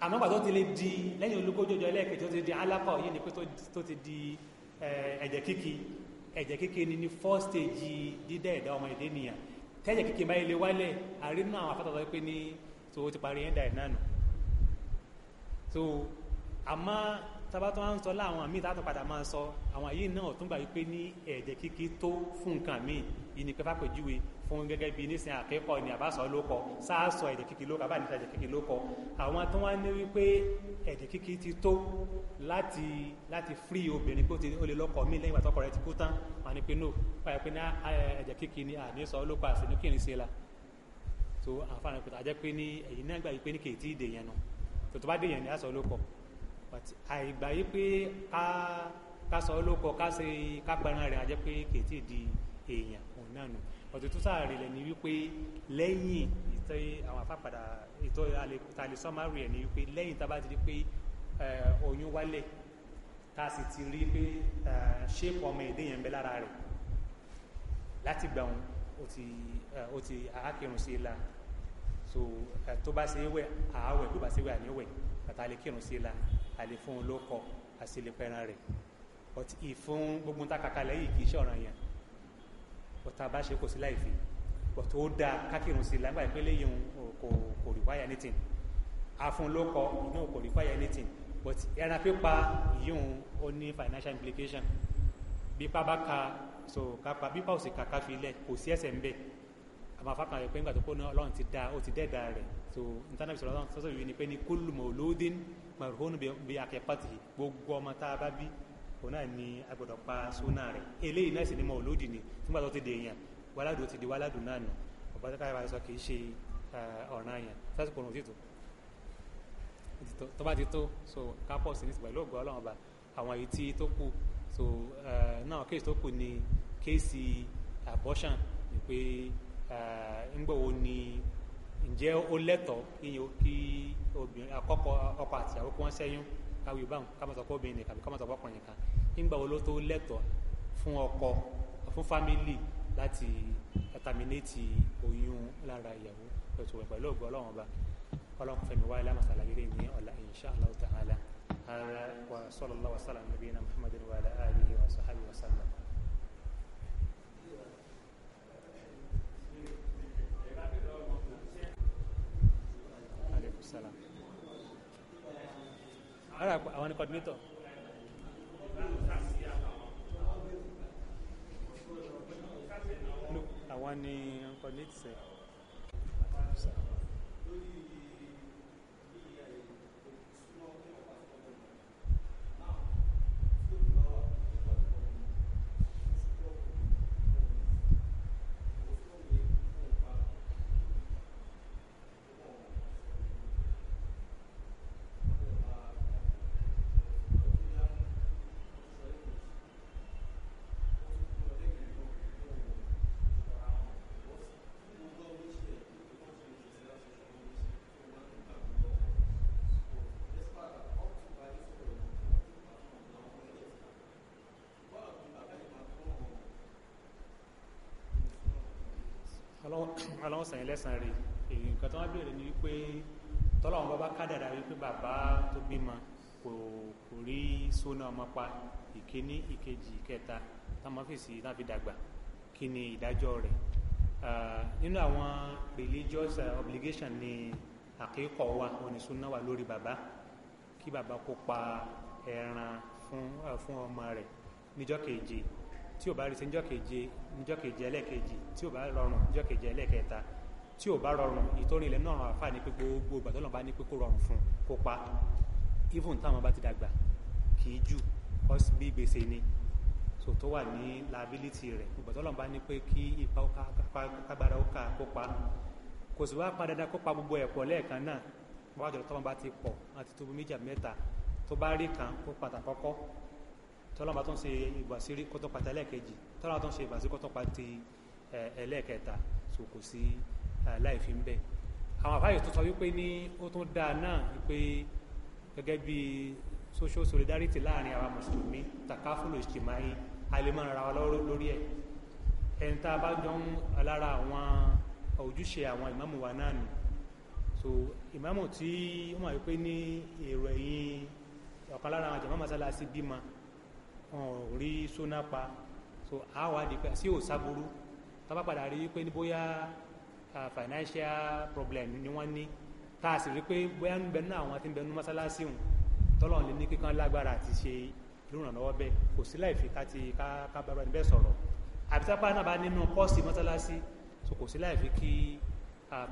àmọ́ nígbà tó ti lè di lẹ́yìn ológójì ọjọ́ ẹlẹ́ẹ̀kejì tó ti di alákọ̀ yìí ni pé tó ti di eh, ẹ̀jẹ̀ kíkì ẹ̀jẹ̀ kíkì ni ní first stage dídẹ́ ẹ̀dá ọmọ ẹ̀dẹ́ nìyàn tẹ́jẹ̀ kékeré máa ilé wálẹ̀ àrínú àwọn afẹ́tọ̀tọ̀ pé ní tó ti parí ẹ̀ńdà ẹ̀ náà nù so àmọ́ tabatọ́ máa ń sọ láwọn míì tátọ́ padà máa ń sọ àwọn yìí náà tún gbà wípé ní ẹ̀jẹ̀ kíkí tó fún nǹkan míì ìnípẹ́fà pẹ̀júwe fún gẹ́gẹ́ bíi nísìn àkẹ́kọ̀ ni àbáṣọ ló kọ sáàsọ ẹ̀jẹ̀ kíkì ló kọ àbáníta ẹ̀jẹ̀ kíkì ló kọ àwọn tó wá ní wípé ẹ̀jẹ̀ kíkì ti tó láti láti fírí obìnrin kó ti ó lè mí lẹ́yìn ìgbàtọ́kọ rẹ̀ ti kú tán wọn ah, eh, ni pé no báyìí pé ní ẹ̀jẹ̀ kíkì ni àníṣọ ló kọ àṣẹ ní kí ni ṣe la tó àǹfààní pẹ̀tà àjẹ́ pé ní ẹ̀yìn náà gbà yí pé ní kì í tí dèèyàn nù tó tó bá dèèyàn ní àṣọ ló kọ àìgbà yí pé ká ká sọ ló kọ ká ṣe ká pẹran rẹ̀ àjẹ́ pé kì í tí di èèyàn òun náà nù ọ̀tún tó sáà rinlẹ̀ ni wípé lẹ́yìn ìtẹ́ àwọn afápadà ètò ìtàlẹ̀ sọ́márì ẹ̀ ni wípé lẹ́yìn tá a bá ti di pé eh, oyún wálẹ̀ tá a sì ti rí pé ṣéèpù eh, ọmọ èdè yẹn bẹ lára rẹ̀ láti gbà wọn ó ti àákìrùn eh, sí la so tó bá ṣe wẹ̀ àáwẹ̀ tó bá ṣe wẹ̀ àníwẹ̀ àtàlẹ̀ kírun sí la àlè fún un ló kọ àṣìlè pẹran rẹ̀ ìfún gbogbo ń ta kàkà lẹ́yìn kì í ṣe ọ̀ràn yẹn bọ̀tà bá ṣe kò sí láì fi bọ̀tà ó dáa kákìrún sí lágbà pé léyìn kò kò require anything àfun ló kọ inú kò require anything but ẹran pípa yíyún ó ní financial implication bípa bá ka so kápá bípa ò sì kà ká fi lẹ̀ kò sí ẹsẹ̀ ń bẹ̀ àmọ́ afákan rẹ̀ pé nígbà tó kó náà ọlọ́run ti da ó ti dẹ́ẹ̀dá rẹ̀ so internet sọ̀rọ̀ sọ́sọ́ yìí ni pé ní kúlùmọ̀ olódín màrúhónú bí akẹ́pàtì gbogbo ọmọ tá a bá bí òun náà ni a gbọ́dọ̀ pa súnà rẹ̀ eléyìí náà sì ni mọ̀lúdì ni nígbà tó ti dè èèyàn wàládùn ti di wàládùn náà nù ọba tó káyọ̀ bá sọ kì í ṣe ọ̀ràn àyàn sásìkò òrùn títò tó bá ti tó so kápọ̀ sí ní ìsìnkú pẹ̀lú ògùn ọlọ́run ọba àwọn èyí tí tó kù so náà kéèsì tó kù ni kéèsì abortion ni pé ńgbà wo ni ǹjẹ́ ó lẹ́tọ̀ọ́ kí ọkọ àti àwọn kí wọ́n ṣẹ́yún káwé báwọn ká má sọ pé obìnrin nìkan ká má sọ pé ọkùnrin nìkan nígbà wo ló tó lẹ́tọ̀ọ́ fún ọkọ fún fámìlì láti tàmínétì oyún lára ìyàwó pẹ̀tù pẹ̀lú ògbó ọlọ́run ọba ọlọ́run fẹ́mi wáyé lámàsàlà yìí ní ọ̀la insha Allah ta'ala ara wa sallallahu wa sallam nabiyina muhammadin wa ala alihi wa sahbihi wa sallam. Aleykum salaam ara àwọn ni coordinator. no àwọn ni coordinator sàn yín lẹ́sàn rè èyí nǹkan tó wọ́n béèrè ni wípé tọ́lọ́wọ́n bá bá kádàrà wípé bàbá tó bímọ kò kò rí sóná ọmọ pa ìkíní ìkejì ìkẹta táwọn fèsì náà fi dàgbà kí ni ìdájọ́ rẹ̀ nínú àwọn religious obligation ni àkíkọ̀ wa òní súná wa lórí bàbá kí bàbá kó pa ẹran fún fún ọmọ rẹ̀ níjọ́ keje tí ò bá rí ṣe níjọ́ keje níjọ́ keje ẹlẹ́ẹ̀kejì tí ò bá rọrùn níjọ́ keje ẹlẹ́ẹ̀kẹta tí ò bá rọrùn ìtọ́rin ilẹ̀ náà ràn àfáà ní pé gbogbo ìgbà tó lọ́n bá ní pé kó rọrùn fún kó pa even táwọn bá ti dàgbà kì í jù bí gbèsè ni so tó wà ní liability rẹ̀ ìgbà bá ní pé kí ipa kágbára ó kà kó pa kò sì wá padà dá kó pa gbogbo ẹ̀pọ̀ lẹ́ẹ̀kan náà wájú tó wọn bá ti pọ̀ àti tóbi méjì mẹ́ta tó bá rí kan kó pàtàkọ́kọ́ tọ́lọ́mà tó ń ṣe ìgbàsírí kọ́tọ́pàtà ẹlẹ́ẹ̀kejì tọ́lọ́mà tó ń ṣe ìgbàsírí kọ́tọ́pàtà ẹlẹ́ẹ̀kẹta so kò sí láìfi ń bẹ àwọn àfáàyè tó sọ wípé ní ó tún dáa náà wípé gẹ́gẹ́ bí social solidarity láàrin àwa mùsùlùmí takafulu ìṣìmáyé àlemọ́ra ara wa lórí ẹ̀ ẹni tá a bá jọ ń lára àwọn ojúṣe àwọn ìmáàmù wa náà nù so ìmáàmù tí ó mọ̀ wípé ní èrò ẹ̀yìn ọ̀kan lára àwọn jàmá mọ́sálásí bímọ wọn ò rí sóná pa so àwa di pé sí ò sábúrú tábà padà rí pé bóyá financial problem ni wọ́n ní tá a sì rí pé bóyá ń bẹnu àwọn àti ń bẹnu mọ́sálásí òun tọ́lọ̀ lè ní kíkan lágbára àti ṣe ìrànlọ́wọ́ bẹ́ẹ̀ kò sí láì fi ká ti ká bára ẹni bẹ́ẹ̀ sọ̀rọ̀ àbítápá náà bá nínú pọ́ọ̀sì mọ́sálásí so kò sí láì fi kí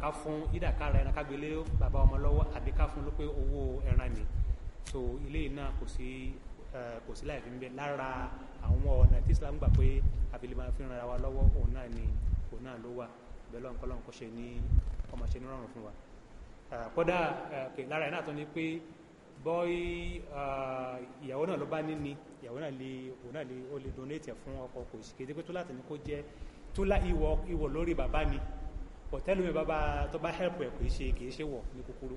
ká fún ìdá kára ẹran kágbélé bàbá ọmọ lọ́wọ́ àbí ká fún ló pé owó ẹran ni so ilé yìí náà kò sí Eh, kò sí láì fi ń bẹ lára àwọn ọ̀nà tí Islam gbà pé àfihàn máa fi ń ra wa lọ́wọ́ òun náà ni òun náà ló wà bẹ́ẹ̀ lọ́nkọ́ lọ́nkọ́ ṣe ní ọmọ ṣe ní rọrùn fún wa eh, kódà eh, lára ẹ̀ náà tó ní pé bọ́ì ìyàwó náà ló bá níní ìyàwó náà lè òun náà lè ó lè donate fún ọkọ kò sí kété pé tó láti ní kó jẹ́ tó lá ìwọ ìwọ lórí bàbá ni ọ̀tẹ́lùmí bàbá tó bá help ẹ̀ kì í ṣe kì í ṣe wọ̀ ní kúkúrú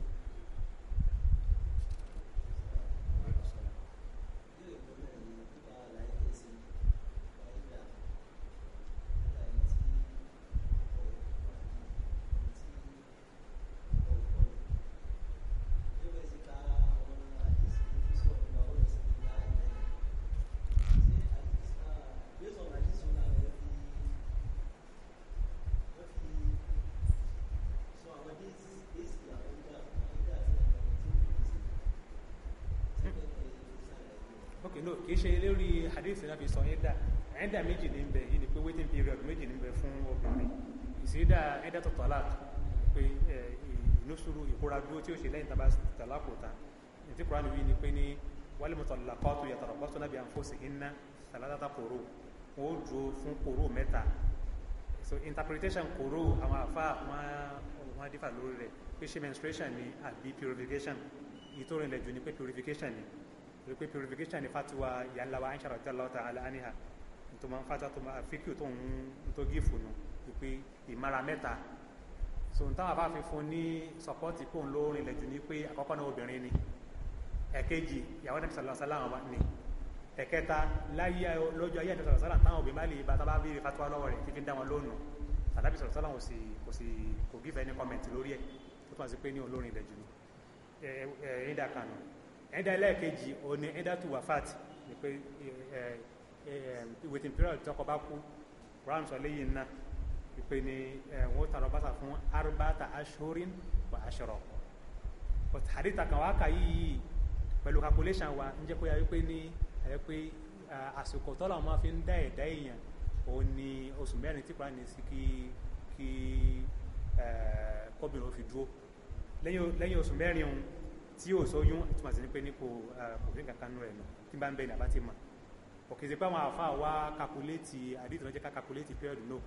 sọ ẹ̀dà ẹ̀dà méjì ní bẹ yìí ni pé waiting period méjì ní bẹ fún obìnrin ìsìdá ẹ̀dà tó tọ́lá pé ìnúsùrù ìkóra dúró tí ó ṣe lẹ́yìn tàbá tàlá kò tán ètí kúrán wí ni pé ní wálé mutallaqatu yatarabbasna bi anfusihinna thalathata quru wọn ó dúró fún quru mẹ́ta so interpretation quru àwọn àfa wọn á dífà lórí rẹ̀ pé ṣe menstruation ni àbí purification ìtòrìnlẹ̀ jù ni pé purification ni torí pé purification ni fatiwa ìyá ńlá wa aisha radiyallahu ta'ala anha tó máa ń fata tó máa fíkì tó ń tó gífù nù wípé ìmára meta so n táwọn afáfin fún ní sọpọ́tì kó ń ló rinlẹ̀ jù ní pé àkọ́kọ́ náà obìnrin ni ẹ̀kejì ìyàwó nàbì sallallahu alaihi wasallam ni ẹ̀kẹta láyé lójú ayé nàbì sallallahu alaihi wasallam táwọn obìnrin bá lè bá tábà bí rí fatiwa lọ́wọ́ rẹ̀ fífi ń dá wọn lónù tàbí sallallahu alaihi wasallam o sì kò sì kò gífẹ̀ẹ́ ní kọ́mẹ̀ntì lórí ẹ̀ tó túmọ̀ sí pé ní olórin ilẹ̀ jù ní ẹ̀ẹ́dà kan nù ẹ̀dá ẹlẹ́ẹ̀kejì òní ẹ̀dá tó wà fat ni pé waiting period tọkọ bá kú ram sọ lẹ́yìn náà ìpè ní wọn tàrọ bàtà fún arbata ashorin wa ashoro but àríta kan wàá kà yìí pẹ̀lú calculation wa ń jẹ́ pé wípé ní pé àsìkò fi ń dá ẹ̀dá èèyàn ni oṣù mẹ́rin tí kúránì sí kí kí kọ́bìnrin ó fi dúró lẹ́yìn oṣù tí yóò sọ yún ìtumọ̀ sí ni pé ní kò kò fi kankan nù rẹ̀ nù tí bá ń bẹ ní àbá ti mọ̀ òkè sí pé àwọn àfa wa kakuléètì àdìsí náà jẹ́ ká kakuléètì pẹ́ẹ́dù náà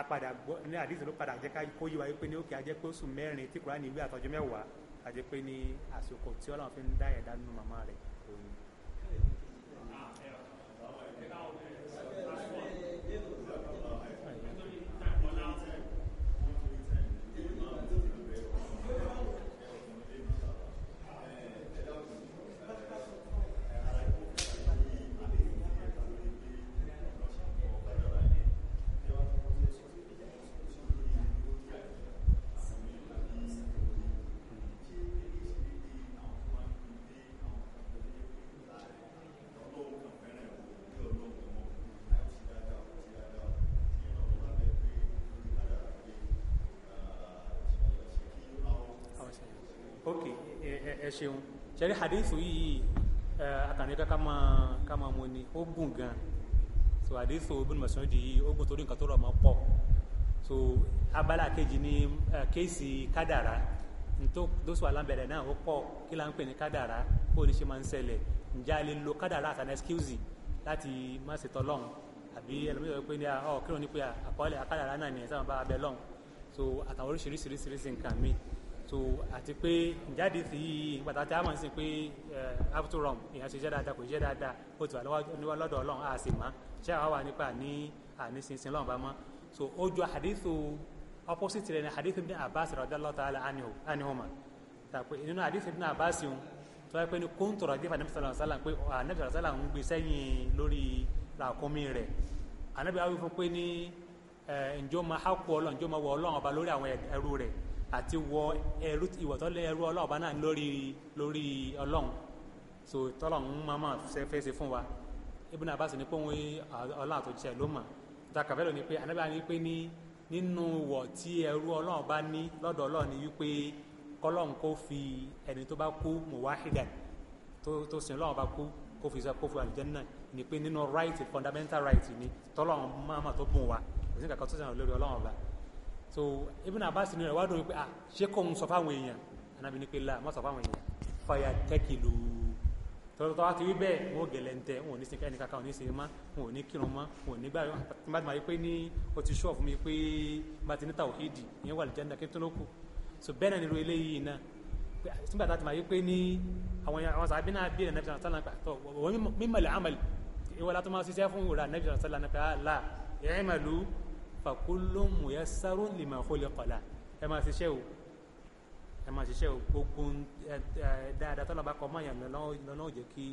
apadà gbọ́ ní àdìsí ló padà jẹ́ ká kó yí wa pé ní òkè ajẹ́ pé oṣù mẹ́rin tí Kùránì ìwé àtọ́jú mẹ́wàá àjẹ́ pé ní àsìkò tí Ọlọ́run fi ń dá ẹ̀dá nínú màmá rẹ̀ ṣeun ṣẹ̀rí hadithu yìí àkànní ká ká máa mú ni ó gùn gan so hadithu Ibn Mas'ud yìí ó gùn torí nǹkan tó rọ̀ mọ́ pọ̀ so abala kejì ní kéèsì kádàrá nítòsí alábẹ̀rẹ̀ náà ó pọ̀ kí la ń pè ní kádàrá ó ní ṣe máa ń ṣẹlẹ̀ ǹjẹ́ a lè lo kádàrá as an excuse láti má ṣe tọ́lọ́hún àbí ẹlòmíràn pé ní ọ kírun ní pé àkọọ́lẹ̀ kádàrá náà ní ẹ̀ sábà bá abẹ́ lọ́hún so àtàwọn oríṣiríṣiríṣiríṣi nǹkan míì so àti pé ìjáde sí pàtàkì àmọ́ sí pé after all èèyàn ṣe iṣẹ́ dáadáa kò ṣe dáadáa ó ti wà níwá lọ́dọ̀ ọlọ́run a sì mọ́ ṣé àwa wà nípa ní àníṣinṣin lọ́run bá mọ́ so ó ju hadithu opposite rẹ̀ ní hadithu ibn Abbas radiyallahu ta'ala anhuma tàpé nínú hadithu ibn Abbas yìí tó wáyé pé ní kóńtò radifa anabi sallallahu alayhi ǹjọ́ máa hákù ọlọ́run ǹjọ́ máa wọ ọlọ́run ọba lórí àwọn ẹrú rẹ̀ àti wọ ẹrú ìwọ̀ tó lé ẹrú ọlọ́ọ̀bá náà lórí lórí ọlọ́run so tọ́lọ́run máa máa fẹ́ ṣe fún wa Ibn Abbas ní pé òun ọlọ́run àtòjíṣẹ́ ló mọ̀ takàfẹ́ lónìí pé anábìá ni pé ní nínú wọ̀ tí ẹrú ọlọ́run bá ní lọ́dọ̀ ọlọ́run ni wípé kọ́lọ́run kó fi ẹni tó bá kú muwahidan tó tó sin ọlọ́run bá kú kó fi sọ kó fi àlùjánnà ni pé nínú right fundamental right ni tọ́lọ́run máa máa tó bùn wa kò sí nǹkan kan tó sàn so Ibn Abbas ni rẹ̀ wá dòwe pé ah ṣé kò ń sọ fáwọn èèyàn anábì ní pé la má sọ fáwọn èèyàn fàyà tẹ́kìlù tọ́tọ́ wá ti wí bẹ́ẹ̀ wọn ò gẹ̀lẹ́ ń tẹ wọn ò ní sinkẹ́ nìkan kan ò ní sinmi mọ́ wọn ò ní kírun mọ́ wọn ò ní gbà tí bá ti máa yí pé ní o ti ṣọ́ fún mi pé bá ti ní tàwhídì ìyẹn wà lìjẹ́ ǹdàkẹ́ tó ló kù so bẹ́ẹ̀ náà nílò eléyìí náà nígbà tá a ti máa yí pé ní àwọn àwọn sàbí náà bí ẹ̀ nàbìsàn sálà nípa tọ́ wọ́n mímọ̀lẹ̀ àmàlì ìwọ́lá tó máa ṣiṣẹ́ fún ìwòrán nàbìsàn sálà nípa là ìrìnmàlú fàkúlùm muyassarun lima khuliqa lah ẹ máa ṣiṣẹ́ o ẹ máa ṣiṣẹ́ o gbogbo dáadáa tọ́lá bá kọ́ mọ́ àyàn lọ́nà òjò kí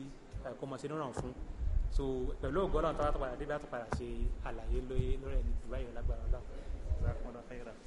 kó mọ̀ sí níràn fún so pẹ̀lú ògbọ́n náà tọ́lá tó padà débí àtúpadà ṣe àlàyé lórí ẹni tí lágbára ọlọ́run